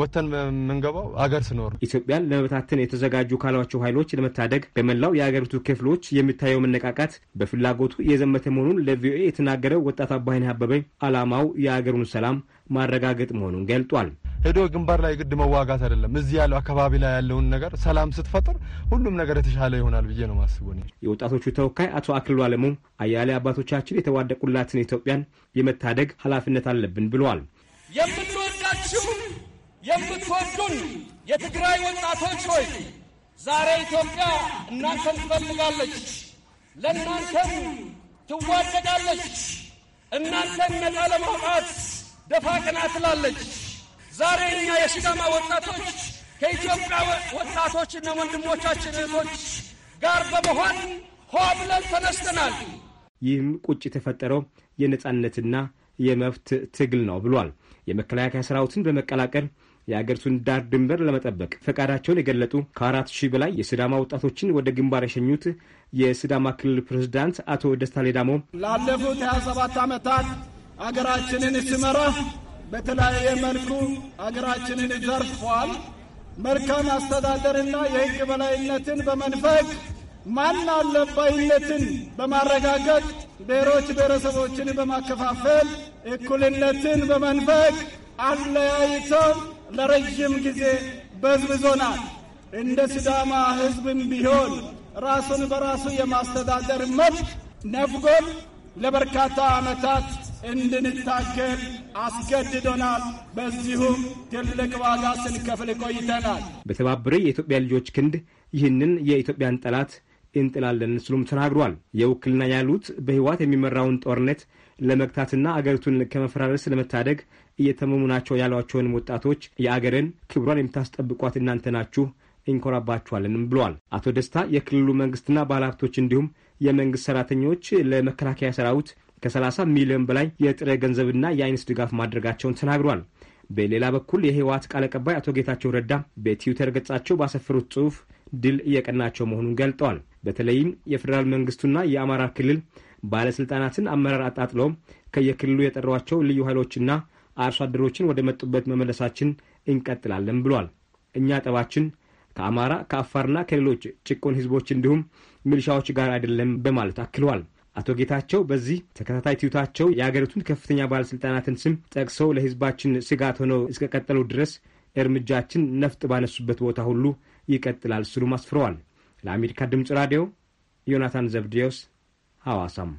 ወጥተን ምንገባው አገር ስኖር ኢትዮጵያን ለመበታተን የተዘጋጁ ካሏቸው ኃይሎች ለመታደግ በመላው የአገሪቱ ክፍሎች የሚታየው መነቃቃት በፍላጎቱ የዘመተ መሆኑን ለቪኦኤ የተናገረው ወጣት አባይነህ አበበ ዓላማው የአገሩን ሰላም ማረጋገጥ መሆኑን ገልጧል። ሄዶ ግንባር ላይ ግድ መዋጋት አይደለም። እዚህ ያለው አካባቢ ላይ ያለውን ነገር ሰላም ስትፈጥር ሁሉም ነገር የተሻለ ይሆናል ብዬ ነው ማስቡ። የወጣቶቹ ተወካይ አቶ አክልሉ አለሙ አያሌ አባቶቻችን የተዋደቁላትን ኢትዮጵያን የመታደግ ኃላፊነት አለብን ብለዋል። የምትወዳችሁ የምትወዱን የትግራይ ወጣቶች ሆይ ዛሬ ኢትዮጵያ እናንተን ትፈልጋለች፣ ለእናንተም ትዋደቃለች። እናንተን ነጻ ለማውጣት ደፋ ቀና ትላለች። ዛሬ እኛ የሲዳማ ወጣቶች ከኢትዮጵያ ወጣቶችና ወንድሞቻችን እህቶች ጋር በመሆን ሆ ብለን ተነስተናል። ይህም ቁጭ የተፈጠረው የነጻነትና የመብት ትግል ነው ብሏል። የመከላከያ ሰራዊትን በመቀላቀል የአገሪቱን ዳር ድንበር ለመጠበቅ ፈቃዳቸውን የገለጡ ከአራት ሺህ በላይ የስዳማ ወጣቶችን ወደ ግንባር የሸኙት የሲዳማ ክልል ፕሬዝዳንት አቶ ደስታ ሌዳሞ ላለፉት 27 ዓመታት አገራችንን ሲመራ በተለያየ መልኩ አገራችንን ዘርፏል። መልካም አስተዳደርና የሕግ በላይነትን በመንፈግ ማን አለባይነትን በማረጋገጥ ብሔሮች ብሔረሰቦችን በማከፋፈል እኩልነትን በመንፈግ አለያይተው ለረዥም ጊዜ በዝብዞናል። እንደ ሲዳማ ሕዝብም ቢሆን ራሱን በራሱ የማስተዳደር መብት ነፍጎን ለበርካታ ዓመታት እንድንታገል አስገድዶናል። በዚሁም ትልቅ ዋጋ ስንከፍል ቆይተናል። በተባበረ የኢትዮጵያ ልጆች ክንድ ይህንን የኢትዮጵያን ጠላት እንጥላለን ስሉም ተናግሯል። የውክልና ያሉት በህወሓት የሚመራውን ጦርነት ለመግታትና አገሪቱን ከመፈራረስ ለመታደግ እየተመሙ ናቸው ያሏቸውን ወጣቶች የአገርን ክብሯን የምታስጠብቋት እናንተ ናችሁ ይንኮራባቸዋልንም ብለዋል። አቶ ደስታ የክልሉ መንግስትና ባለሀብቶች እንዲሁም የመንግስት ሰራተኞች ለመከላከያ ሰራዊት ከ30 ሚሊዮን በላይ የጥሬ ገንዘብና የአይነት ድጋፍ ማድረጋቸውን ተናግሯል። በሌላ በኩል የህወሓት ቃል አቀባይ አቶ ጌታቸው ረዳ በትዊተር ገጻቸው ባሰፈሩት ጽሑፍ ድል እየቀናቸው መሆኑን ገልጠዋል። በተለይም የፌዴራል መንግስቱና የአማራ ክልል ባለስልጣናትን አመራር አጣጥለው ከየክልሉ የጠሯቸው ልዩ ኃይሎችና አርሶ አደሮችን ወደ መጡበት መመለሳችን እንቀጥላለን ብሏል። እኛ ጠባችን ከአማራ ከአፋርና ከሌሎች ጭቁን ህዝቦች እንዲሁም ሚልሻዎች ጋር አይደለም በማለት አክለዋል። አቶ ጌታቸው በዚህ ተከታታይ ትዩታቸው የአገሪቱን ከፍተኛ ባለስልጣናትን ስም ጠቅሰው ለህዝባችን ስጋት ሆነው እስከቀጠሉ ድረስ እርምጃችን ነፍጥ ባነሱበት ቦታ ሁሉ ይቀጥላል ሲሉም አስፍረዋል። ለአሜሪካ ድምፅ ራዲዮ ዮናታን ዘብዴዎስ ሐዋሳም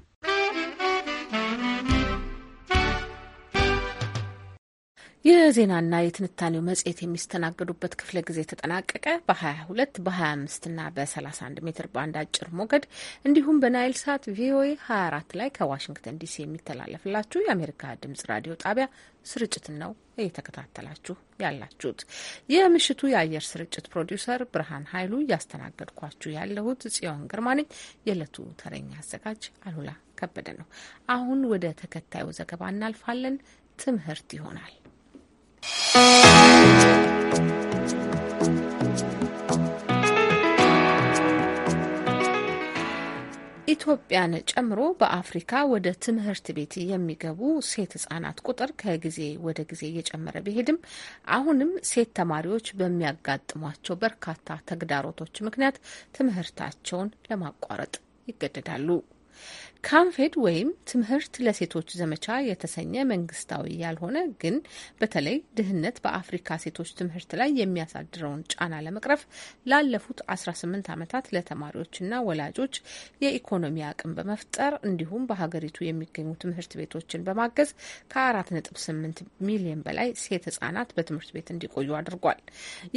የዜናና የትንታኔው መጽሔት የሚስተናገዱበት ክፍለ ጊዜ ተጠናቀቀ። በ22 በ25ና በ31 ሜትር ባንድ አጭር ሞገድ እንዲሁም በናይል ሳት ቪኦኤ 24 ላይ ከዋሽንግተን ዲሲ የሚተላለፍላችሁ የአሜሪካ ድምጽ ራዲዮ ጣቢያ ስርጭትን ነው እየተከታተላችሁ ያላችሁት። የምሽቱ የአየር ስርጭት ፕሮዲውሰር ብርሃን ኃይሉ፣ እያስተናገድኳችሁ ያለሁት ጽዮን ግርማ ነኝ። የዕለቱ ተረኛ አዘጋጅ አሉላ ከበደ ነው። አሁን ወደ ተከታዩ ዘገባ እናልፋለን። ትምህርት ይሆናል። ኢትዮጵያን ጨምሮ በአፍሪካ ወደ ትምህርት ቤት የሚገቡ ሴት ህጻናት ቁጥር ከጊዜ ወደ ጊዜ እየጨመረ ቢሄድም አሁንም ሴት ተማሪዎች በሚያጋጥሟቸው በርካታ ተግዳሮቶች ምክንያት ትምህርታቸውን ለማቋረጥ ይገደዳሉ። ካምፌድ ወይም ትምህርት ለሴቶች ዘመቻ የተሰኘ መንግስታዊ ያልሆነ ግን በተለይ ድህነት በአፍሪካ ሴቶች ትምህርት ላይ የሚያሳድረውን ጫና ለመቅረፍ ላለፉት 18 ዓመታት ለተማሪዎችና ወላጆች የኢኮኖሚ አቅም በመፍጠር እንዲሁም በሀገሪቱ የሚገኙ ትምህርት ቤቶችን በማገዝ ከ4.8 ሚሊዮን በላይ ሴት ህጻናት በትምህርት ቤት እንዲቆዩ አድርጓል።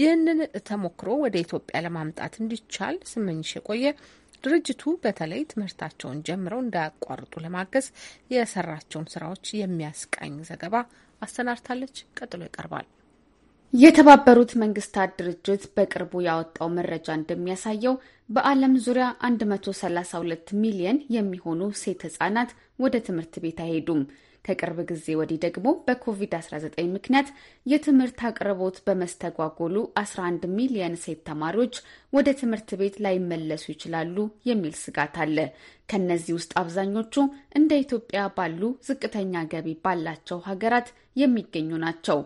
ይህንን ተሞክሮ ወደ ኢትዮጵያ ለማምጣት እንዲቻል ስመኝሽ የቆየ ድርጅቱ በተለይ ትምህርታቸውን ጀምረው እንዳያቋርጡ ለማገዝ የሰራቸውን ስራዎች የሚያስቃኝ ዘገባ አሰናድታለች። ቀጥሎ ይቀርባል። የተባበሩት መንግስታት ድርጅት በቅርቡ ያወጣው መረጃ እንደሚያሳየው በዓለም ዙሪያ 132 ሚሊየን የሚሆኑ ሴት ህጻናት ወደ ትምህርት ቤት አይሄዱም። ከቅርብ ጊዜ ወዲህ ደግሞ በኮቪድ-19 ምክንያት የትምህርት አቅርቦት በመስተጓጎሉ 11 ሚሊየን ሴት ተማሪዎች ወደ ትምህርት ቤት ላይመለሱ ይችላሉ የሚል ስጋት አለ። ከነዚህ ውስጥ አብዛኞቹ እንደ ኢትዮጵያ ባሉ ዝቅተኛ ገቢ ባላቸው ሀገራት የሚገኙ ናቸው።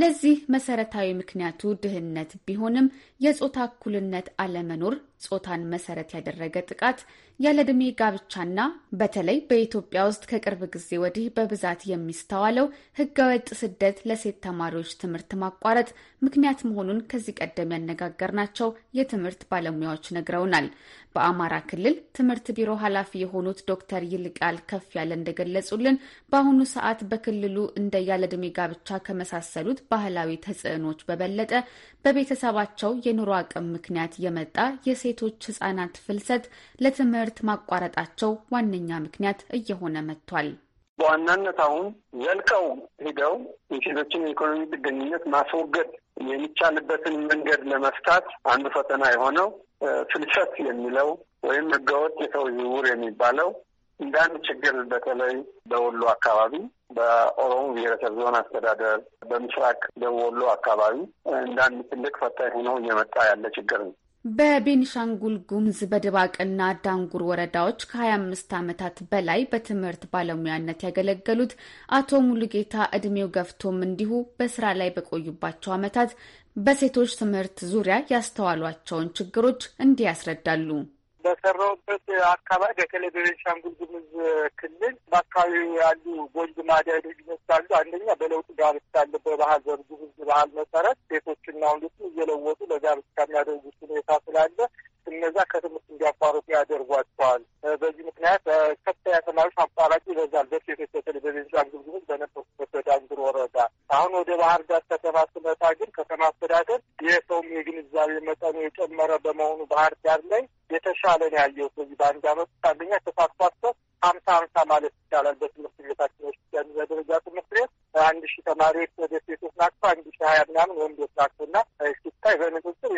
ለዚህ መሰረታዊ ምክንያቱ ድህነት ቢሆንም የጾታ እኩልነት አለመኖር፣ ጾታን መሰረት ያደረገ ጥቃት፣ ያለዕድሜ ጋብቻና በተለይ በኢትዮጵያ ውስጥ ከቅርብ ጊዜ ወዲህ በብዛት የሚስተዋለው ህገወጥ ስደት፣ ለሴት ተማሪዎች ትምህርት ማቋረጥ ምክንያት መሆኑን ከዚህ ቀደም ያነጋገርናቸው የትምህርት ባለሙያዎች ነግረውናል። በአማራ ክልል ትምህርት ቢሮ ኃላፊ የሆኑት ዶክተር ይልቃል ከፍ ያለ እንደገለጹልን በአሁኑ ሰዓት በክልሉ እንደ ያለዕድሜ ጋብቻ ከመሳሰሉት ባህላዊ ተጽዕኖች በበለጠ በቤተሰባቸው የኑሮ አቅም ምክንያት የመጣ የሴቶች ህጻናት ፍልሰት ለትምህርት ማቋረጣቸው ዋነኛ ምክንያት እየሆነ መጥቷል። በዋናነት አሁን ዘልቀው ሂደው የሴቶችን የኢኮኖሚ ጥገኝነት ማስወገድ የሚቻልበትን መንገድ ለመፍታት አንዱ ፈተና የሆነው ፍልሰት የሚለው ወይም ህገወጥ የሰው ዝውውር የሚባለው እንደ አንድ ችግር በተለይ በወሎ አካባቢ በኦሮሞ ብሔረሰብ ዞን አስተዳደር በምስራቅ ደቡብ ወሎ አካባቢ እንደ አንድ ትልቅ ፈታኝ ሆኖ እየመጣ ያለ ችግር ነው። በቤንሻንጉል ጉምዝ በድባቅና ዳንጉር ወረዳዎች ከ25 ዓመታት በላይ በትምህርት ባለሙያነት ያገለገሉት አቶ ሙሉጌታ እድሜው ገፍቶም እንዲሁ በስራ ላይ በቆዩባቸው ዓመታት በሴቶች ትምህርት ዙሪያ ያስተዋሏቸውን ችግሮች እንዲህ ያስረዳሉ። በሰራሁበት አካባቢ በተለይ በቤንሻንጉል ጉሙዝ ክልል በአካባቢው ያሉ ጎንድ ማዳ ድርጅቶች አንደኛ በለውጥ ጋብቻ አለ። በባህል ጉሙዝ ባህል መሰረት ሴቶችና ወንዶችን እየለወጡ ለጋብቻ የሚያደርጉት ሁኔታ ስላለ እነዛ ከትምህርት እንዲያቋርጡ ያደርጓቸዋል። በዚህ ምክንያት ከፍተኛ ተማሪዎች አቋራጭ ይበዛል። በሴቶች በተለይ በቤንሻንጉል ጉሙዝ በነበርኩበት በዳንግር ወረዳ። አሁን ወደ ባህር ዳር ከተማ ስመጣ ግን ከተማ አስተዳደር የሰውም የግንዛቤ መጠኑ የጨመረ በመሆኑ ባህር ዳር ላይ የተሻለ ነው ያየሁት በዚህ በአንድ አመት አንደኛ ተሳትፏቸው ሀምሳ ሀምሳ ማለት ይቻላል። በትምህርት ቤታችን ውስጥ በደረጃ ትምህርት ቤት አንድ ሺህ ተማሪዎች ወደ ሴቶች ናቸው፣ አንድ ሺህ ሀያ ምናምን ወንዶች ናቸው እና ሲታይ በንጽጽር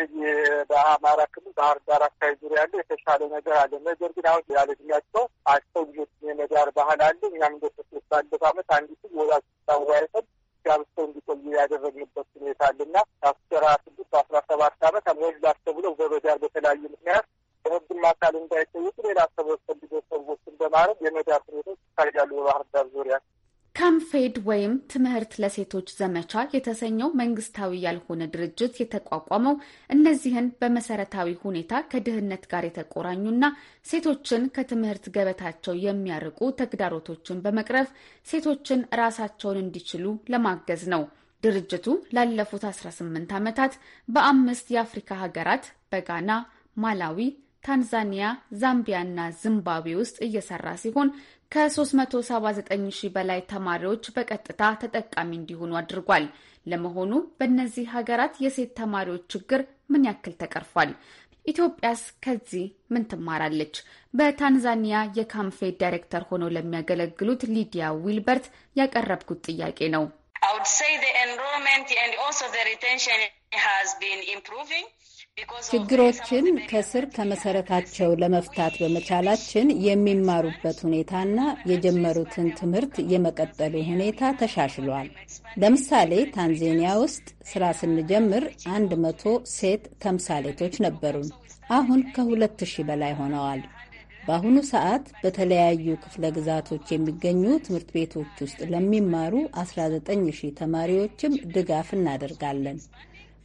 በአማራ ክልል ባህር ዳር አካባቢ ዙሪያ ያለው የተሻለ ነገር አለ። ነገር ግን አሁን ያለ እድሜያቸው አቸው ልጆች የመዳር ባህል አለ። እኛም እንደ ሴቶች ባለፈ አመት አንድ ስ ወላጅ ታዋይተን ጋብተው እንዲቆዩ ያደረግንበት ሁኔታ አለና አስራ ስድስት አስራ ሰባት አመት ሞላቸው ብለው በበዳር በተለያዩ ምክንያት በህግም አካል እንዳይጠይቅ ሌላ ሰዎች ሰዎችን በማድረግ የመዳር ሁኔቶች ይታያሉ። በባህር ዳር ዙሪያ ካምፌድ ወይም ትምህርት ለሴቶች ዘመቻ የተሰኘው መንግስታዊ ያልሆነ ድርጅት የተቋቋመው እነዚህን በመሰረታዊ ሁኔታ ከድህነት ጋር የተቆራኙና ሴቶችን ከትምህርት ገበታቸው የሚያርቁ ተግዳሮቶችን በመቅረፍ ሴቶችን ራሳቸውን እንዲችሉ ለማገዝ ነው። ድርጅቱ ላለፉት 18 ዓመታት በአምስት የአፍሪካ ሀገራት በጋና፣ ማላዊ ታንዛኒያ፣ ዛምቢያ እና ዚምባብዌ ውስጥ እየሰራ ሲሆን ከ379 ሺህ በላይ ተማሪዎች በቀጥታ ተጠቃሚ እንዲሆኑ አድርጓል። ለመሆኑ በእነዚህ ሀገራት የሴት ተማሪዎች ችግር ምን ያክል ተቀርፏል? ኢትዮጵያስ ከዚህ ምን ትማራለች? በታንዛኒያ የካምፌ ዳይሬክተር ሆነው ለሚያገለግሉት ሊዲያ ዊልበርት ያቀረብኩት ጥያቄ ነው። ችግሮችን ከስር ከመሰረታቸው ለመፍታት በመቻላችን የሚማሩበት ሁኔታና የጀመሩትን ትምህርት የመቀጠሉ ሁኔታ ተሻሽሏል። ለምሳሌ ታንዜኒያ ውስጥ ስራ ስንጀምር አንድ መቶ ሴት ተምሳሌቶች ነበሩን። አሁን ከሁለት ሺህ በላይ ሆነዋል። በአሁኑ ሰዓት በተለያዩ ክፍለ ግዛቶች የሚገኙ ትምህርት ቤቶች ውስጥ ለሚማሩ 19 ሺህ ተማሪዎችም ድጋፍ እናደርጋለን።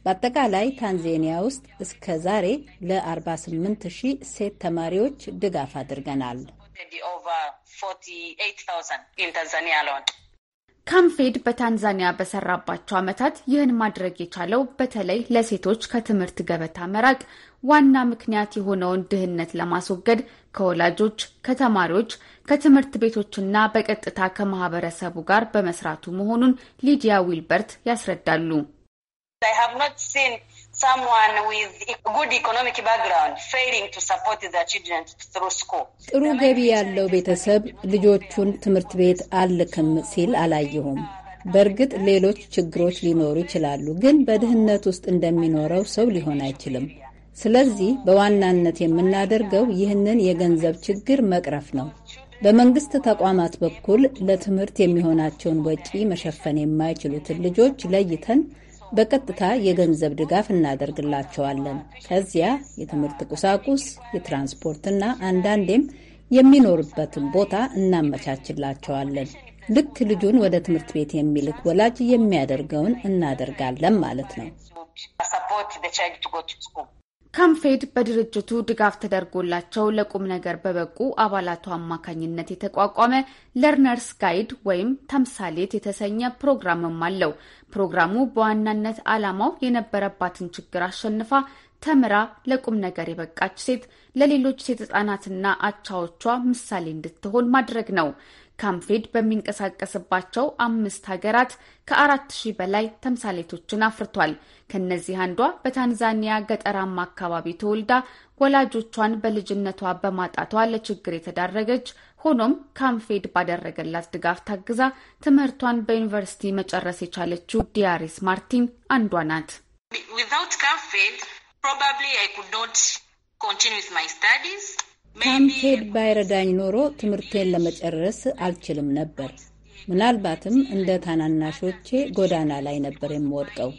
በአጠቃላይ ታንዜኒያ ውስጥ እስከ ዛሬ ለ48 ሺህ ሴት ተማሪዎች ድጋፍ አድርገናል። ካምፌድ በታንዛኒያ በሰራባቸው ዓመታት ይህን ማድረግ የቻለው በተለይ ለሴቶች ከትምህርት ገበታ መራቅ ዋና ምክንያት የሆነውን ድህነት ለማስወገድ ከወላጆች፣ ከተማሪዎች፣ ከትምህርት ቤቶችና በቀጥታ ከማህበረሰቡ ጋር በመስራቱ መሆኑን ሊዲያ ዊልበርት ያስረዳሉ። I have not seen ጥሩ e-, ገቢ ያለው ቤተሰብ ልጆቹን ትምህርት ቤት አልክም ሲል አላየሁም። በእርግጥ ሌሎች ችግሮች ሊኖሩ ይችላሉ፣ ግን በድህነት ውስጥ እንደሚኖረው ሰው ሊሆን አይችልም። ስለዚህ በዋናነት የምናደርገው ይህንን የገንዘብ ችግር መቅረፍ ነው። በመንግስት ተቋማት በኩል ለትምህርት የሚሆናቸውን ወጪ መሸፈን የማይችሉትን ልጆች ለይተን በቀጥታ የገንዘብ ድጋፍ እናደርግላቸዋለን። ከዚያ የትምህርት ቁሳቁስ፣ የትራንስፖርትና አንዳንዴም የሚኖርበትን ቦታ እናመቻችላቸዋለን። ልክ ልጁን ወደ ትምህርት ቤት የሚልክ ወላጅ የሚያደርገውን እናደርጋለን ማለት ነው። ካምፌድ በድርጅቱ ድጋፍ ተደርጎላቸው ለቁም ነገር በበቁ አባላቱ አማካኝነት የተቋቋመ ለርነርስ ጋይድ ወይም ተምሳሌት የተሰኘ ፕሮግራምም አለው። ፕሮግራሙ በዋናነት ዓላማው የነበረባትን ችግር አሸንፋ ተምራ ለቁም ነገር የበቃች ሴት ለሌሎች ሴት ሕጻናትና አቻዎቿ ምሳሌ እንድትሆን ማድረግ ነው። ካምፌድ በሚንቀሳቀስባቸው አምስት ሀገራት ከአራት ሺህ በላይ ተምሳሌቶችን አፍርቷል። ከነዚህ አንዷ በታንዛኒያ ገጠራማ አካባቢ ተወልዳ ወላጆቿን በልጅነቷ በማጣቷ ለችግር የተዳረገች ሆኖም ካምፌድ ባደረገላት ድጋፍ ታግዛ ትምህርቷን በዩኒቨርሲቲ መጨረስ የቻለችው ዲያሪስ ማርቲን አንዷ ናት። ካምፌድ ፕሮባብሊ አይ ኩድ ኖት ኮንቲኒ ዊዝ ማይ ስታዲስ ታምቴድ ባይረዳኝ ኖሮ ትምህርቴን ለመጨረስ አልችልም ነበር። ምናልባትም እንደ ታናናሾቼ ጎዳና ላይ ነበር የምወድቀው።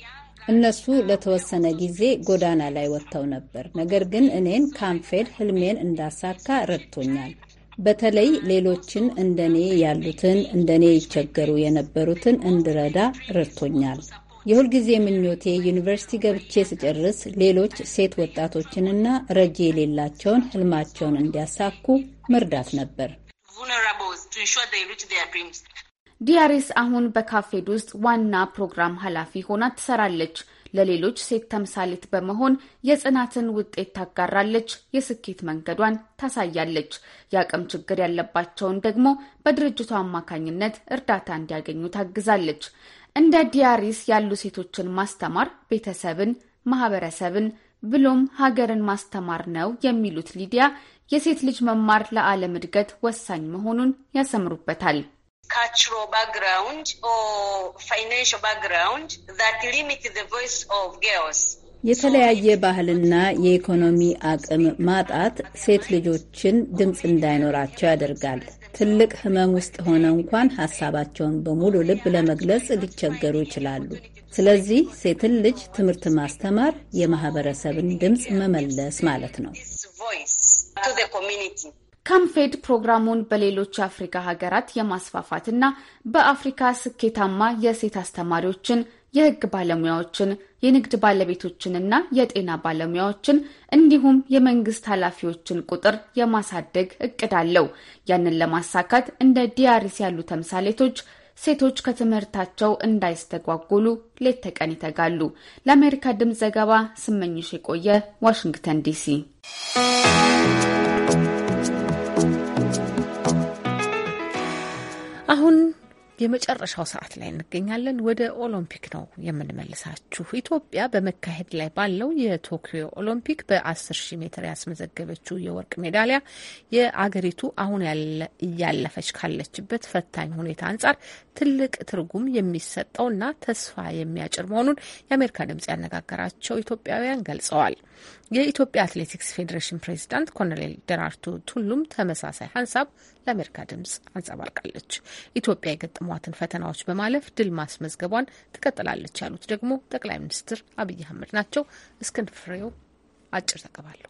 እነሱ ለተወሰነ ጊዜ ጎዳና ላይ ወጥተው ነበር። ነገር ግን እኔን ካምፌድ ህልሜን እንዳሳካ ረድቶኛል። በተለይ ሌሎችን እንደኔ ያሉትን እንደኔ ይቸገሩ የነበሩትን እንድረዳ ረድቶኛል። የሁልጊዜ ምኞቴ ዩኒቨርሲቲ ገብቼ ስጨርስ ሌሎች ሴት ወጣቶችንና ረጂ የሌላቸውን ህልማቸውን እንዲያሳኩ መርዳት ነበር። ዲያሪስ አሁን በካፌድ ውስጥ ዋና ፕሮግራም ኃላፊ ሆና ትሰራለች። ለሌሎች ሴት ተምሳሌት በመሆን የጽናትን ውጤት ታጋራለች። የስኬት መንገዷን ታሳያለች። የአቅም ችግር ያለባቸውን ደግሞ በድርጅቱ አማካኝነት እርዳታ እንዲያገኙ ታግዛለች። እንደ ዲያሪስ ያሉ ሴቶችን ማስተማር ቤተሰብን፣ ማህበረሰብን ብሎም ሀገርን ማስተማር ነው የሚሉት ሊዲያ የሴት ልጅ መማር ለዓለም እድገት ወሳኝ መሆኑን ያሰምሩበታል። cultural background የተለያየ ባህልና የኢኮኖሚ አቅም ማጣት ሴት ልጆችን ድምፅ እንዳይኖራቸው ያደርጋል። ትልቅ ህመም ውስጥ ሆነ እንኳን ሀሳባቸውን በሙሉ ልብ ለመግለጽ ሊቸገሩ ይችላሉ። ስለዚህ ሴትን ልጅ ትምህርት ማስተማር የማህበረሰብን ድምፅ መመለስ ማለት ነው። ካምፌድ ፕሮግራሙን በሌሎች የአፍሪካ ሀገራት የማስፋፋት በአፍሪካ ስኬታማ የሴት አስተማሪዎችን የህግ ባለሙያዎችን፣ የንግድ ባለቤቶችንና የጤና ባለሙያዎችን እንዲሁም የመንግስት ኃላፊዎችን ቁጥር የማሳደግ እቅድ አለው። ያንን ለማሳካት እንደ ዲያሪስ ያሉ ተምሳሌቶች ሴቶች ከትምህርታቸው እንዳይስተጓጎሉ ሌት ተቀን ይተጋሉ። ለአሜሪካ ድምፅ ዘገባ ስመኝሽ የቆየ ዋሽንግተን ዲሲ። አሁን የመጨረሻው ሰዓት ላይ እንገኛለን። ወደ ኦሎምፒክ ነው የምንመልሳችሁ። ኢትዮጵያ በመካሄድ ላይ ባለው የቶኪዮ ኦሎምፒክ በ10 ሺህ ሜትር ያስመዘገበችው የወርቅ ሜዳሊያ የአገሪቱ አሁን እያለፈች ካለችበት ፈታኝ ሁኔታ አንጻር ትልቅ ትርጉም የሚሰጠውና ተስፋ የሚያጭር መሆኑን የአሜሪካ ድምጽ ያነጋገራቸው ኢትዮጵያውያን ገልጸዋል። የኢትዮጵያ አትሌቲክስ ፌዴሬሽን ፕሬዚዳንት ኮሎኔል ደራርቱ ቱሉም ተመሳሳይ ሀንሳብ ለአሜሪካ ድምጽ አንጸባርቃለች። ኢትዮጵያ የገጠሟትን ፈተናዎች በማለፍ ድል ማስመዝገቧን ትቀጥላለች ያሉት ደግሞ ጠቅላይ ሚኒስትር አብይ አህመድ ናቸው። እስክንድር ፍሬው አጭር ተቀባለሁ።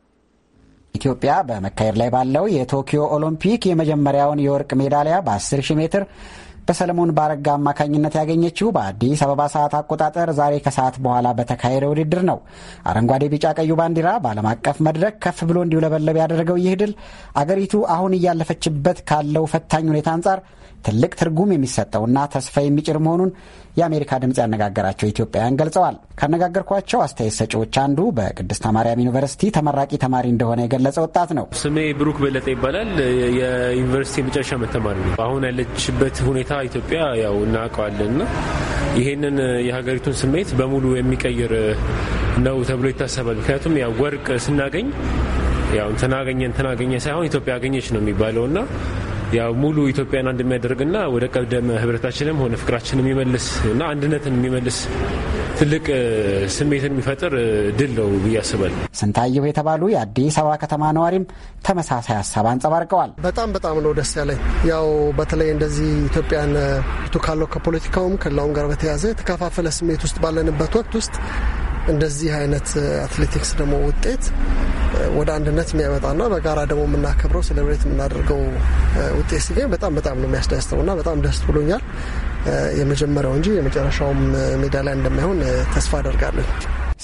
ኢትዮጵያ በመካሄድ ላይ ባለው የቶኪዮ ኦሎምፒክ የመጀመሪያውን የወርቅ ሜዳሊያ በ10 ሺህ ሜትር በሰለሞን ባረጋ አማካኝነት ያገኘችው በአዲስ አበባ ሰዓት አቆጣጠር ዛሬ ከሰዓት በኋላ በተካሄደ ውድድር ነው። አረንጓዴ፣ ቢጫ፣ ቀዩ ባንዲራ በዓለም አቀፍ መድረክ ከፍ ብሎ እንዲውለበለብ ያደረገው ይህ ድል አገሪቱ አሁን እያለፈችበት ካለው ፈታኝ ሁኔታ አንጻር ትልቅ ትርጉም የሚሰጠውና ተስፋ የሚጭር መሆኑን የአሜሪካ ድምፅ ያነጋገራቸው ኢትዮጵያውያን ገልጸዋል። ካነጋገርኳቸው አስተያየት ሰጪዎች አንዱ በቅድስተ ማርያም ዩኒቨርሲቲ ተመራቂ ተማሪ እንደሆነ የገለጸ ወጣት ነው። ስሜ ብሩክ በለጠ ይባላል። የዩኒቨርሲቲ የመጨረሻ ዓመት ተማሪ ነው። አሁን ያለችበት ሁኔታ ኢትዮጵያ ያው እናውቀዋለንና ይህንን የሀገሪቱን ስሜት በሙሉ የሚቀይር ነው ተብሎ ይታሰባል። ምክንያቱም ያው ወርቅ ስናገኝ ያው እንትና አገኘ አገኘ ሳይሆን ኢትዮጵያ አገኘች ነው የሚባለውና ያው ሙሉ ኢትዮጵያን አንድ የሚያደርግና ወደ ቀደመ ህብረታችንም ሆነ ፍቅራችን የሚመልስ እና አንድነትን የሚመልስ ትልቅ ስሜትን የሚፈጥር ድል ነው ብዬ አስባለሁ። ስንታየው የተባሉ የአዲስ አበባ ከተማ ነዋሪም ተመሳሳይ ሀሳብ አንጸባርቀዋል። በጣም በጣም ነው ደስ ያለኝ። ያው በተለይ እንደዚህ ኢትዮጵያን ቱ ካለው ከፖለቲካውም ከላውም ጋር በተያያዘ የተከፋፈለ ስሜት ውስጥ ባለንበት ወቅት ውስጥ እንደዚህ አይነት አትሌቲክስ ደግሞ ውጤት ወደ አንድነት የሚያመጣና በጋራ ደግሞ የምናከብረው ሴሌብሬት የምናደርገው ውጤት ሲገኝ በጣም በጣም ነው እና በጣም ደስ ብሎኛል። የመጀመሪያው እንጂ የመጨረሻውም ሜዳሊያ እንደማይሆን ተስፋ አደርጋለሁ።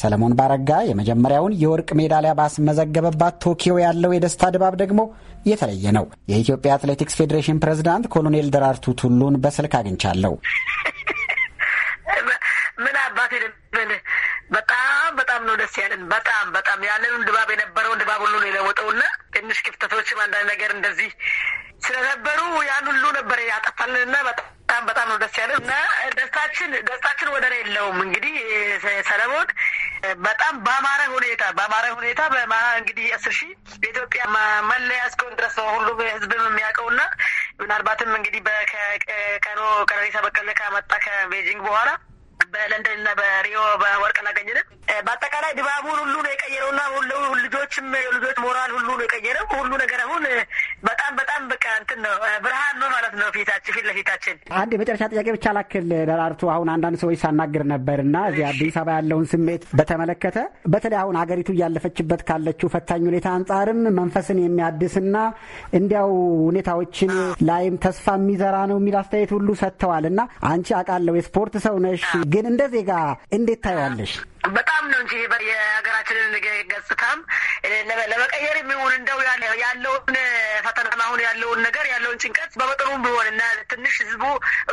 ሰለሞን ባረጋ የመጀመሪያውን የወርቅ ሜዳሊያ ባስመዘገበባት ቶኪዮ ያለው የደስታ ድባብ ደግሞ የተለየ ነው። የኢትዮጵያ አትሌቲክስ ፌዴሬሽን ፕሬዝዳንት ኮሎኔል ደራርቱ ቱሉን በስልክ አግኝቻለሁ። ምን አባቴ በጣም በጣም ነው ደስ ያለን። በጣም በጣም ያለንን ድባብ የነበረውን ድባብ ሁሉ ነው የለወጠውና ትንሽ ክፍተቶችም አንዳንድ ነገር እንደዚህ ስለነበሩ ያን ሁሉ ነበር ያጠፋልንና በጣም በጣም ነው ደስ ያለን እና ደስታችን ደስታችን ወደር የለውም። እንግዲህ ሰለሞን በጣም በአማረ ሁኔታ በአማረ ሁኔታ እንግዲህ አስር ሺህ በኢትዮጵያ መለያ እስከሆን ድረስ ነው ሁሉም ህዝብም የሚያውቀውና ምናልባትም እንግዲህ ከኖ ቀነኒሳ በቀለ ካመጣ ከቤጂንግ በኋላ በለንደን እና በሪዮ በወርቅ ላገኘን በአጠቃላይ ድባቡን ሁሉ ነው የቀየረውና ልጆችም ልጆች ሞራል ሁሉ ነው የቀየረው ሁሉ ነገር አሁን በጣም በጣም በቃ እንትን ነው ብርሃን ነው ማለት ነው ፊታችን ፊት ለፊታችን። አንድ የመጨረሻ ጥያቄ ብቻ ላክል ለአርቱ አሁን አንዳንድ ሰዎች ሳናግር ነበር እና እዚህ አዲስ አበባ ያለውን ስሜት በተመለከተ በተለይ አሁን ሀገሪቱ እያለፈችበት ካለችው ፈታኝ ሁኔታ አንጻርም መንፈስን የሚያድስና እንዲያው ሁኔታዎችን ላይም ተስፋ የሚዘራ ነው የሚል አስተያየት ሁሉ ሰጥተዋል እና አንቺ አውቃለሁ የስፖርት ሰው ነሽ፣ ግን እንደ ዜጋ እንዴት ታየዋለሽ? በጣም ነው እንጂ የሀገራችንን ገጽታም ለመቀየር የሚሆን እንደው ያለውን ፈተና አሁን ያለውን ነገር ያለውን ጭንቀት በመጠኑም ቢሆን እና ትንሽ ህዝቡ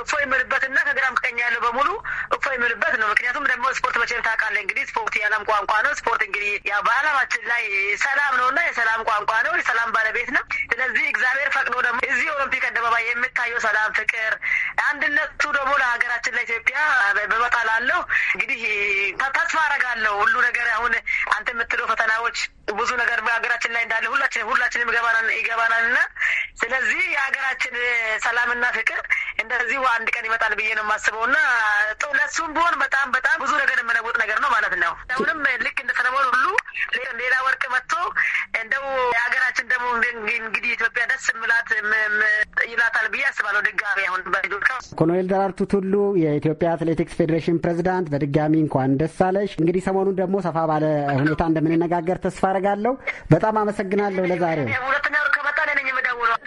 እፎ የምልበት እና ከግራም ከቀኝ ያለው በሙሉ እፎ የምልበት ነው። ምክንያቱም ደግሞ ስፖርት መቼም ታውቃለህ እንግዲህ ስፖርት የዓለም ቋንቋ ነው። ስፖርት እንግዲህ በዓለማችን ላይ ሰላም ነው እና የሰላም ቋንቋ ነው፣ የሰላም ባለቤት ነው። ስለዚህ እግዚአብሔር ፈቅዶ ደግሞ እዚህ ኦሎምፒክ አደባባይ የምታየው ሰላም፣ ፍቅር፣ አንድነቱ ደግሞ ለሀገራችን ለኢትዮጵያ በመጣላለሁ እንግዲህ ተስፋ አረጋለሁ ሁሉ ነገር አሁን አንተ የምትለው ፈተናዎች ብዙ ነገር በሀገራችን ላይ እንዳለ ሁላችን ሁላችንም ይገባናል እና ስለዚህ የሀገራችን ሰላምና ፍቅር እንደዚሁ አንድ ቀን ይመጣል ብዬ ነው የማስበው እና ለሱም ቢሆን በጣም በጣም ብዙ ነገር የምለውጥ ነገር ነው ማለት ነው። አሁንም ልክ እንደ ሰለሞን ሁሉ ሌላ ወርቅ መጥቶ እንደው የሀገራችን ደግሞ እንግዲህ ኢትዮጵያ ደስ ምላት ይላታል ብዬ አስባለሁ። ድጋሚ አሁን ኮሎኔል ደራርቱ ቱሉ የኢትዮጵያ አትሌቲክስ ፌዴሬሽን ፕሬዚዳንት፣ በድጋሚ እንኳን ደስ አለሽ። እንግዲህ ሰሞኑን ደግሞ ሰፋ ባለ ሁኔታ እንደምንነጋገር ተስፋ አደርጋለሁ። በጣም አመሰግናለሁ። ለዛሬው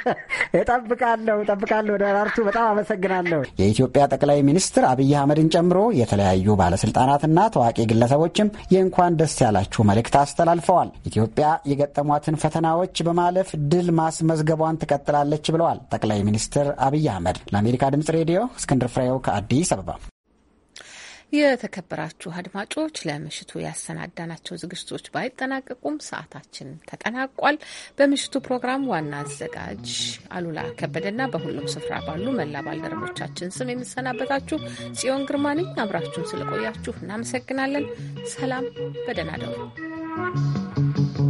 እጠብቃለሁ እጠብቃለሁ። ደራርቱ በጣም አመሰግናለሁ። የኢትዮጵያ ጠቅላይ ሚኒስትር አብይ አህመድን ጨምሮ የተለያዩ ባለስልጣናትና ታዋቂ ግለሰቦችም የእንኳን ደስ ያላችሁ መልእክት አስተላልፈዋል። ኢትዮጵያ የገጠሟትን ፈተናዎች በማለፍ ድል ማስመዝገቧን ትቀጥላለች ብለዋል ጠቅላይ ሚኒስትር አብይ አህመድ። ለአሜሪካ ድምጽ ሬዲዮ እስክንድር ፍሬው ከአዲስ አበባ የተከበራችሁ አድማጮች ለምሽቱ ያሰናዳናቸው ዝግጅቶች ባይጠናቀቁም ሰዓታችን ተጠናቋል። በምሽቱ ፕሮግራም ዋና አዘጋጅ አሉላ ከበደና በሁሉም ስፍራ ባሉ መላ ባልደረቦቻችን ስም የምሰናበታችሁ ጽዮን ግርማ ነኝ። አብራችሁን ስለቆያችሁ እናመሰግናለን። ሰላም፣ በደህና እደሩ።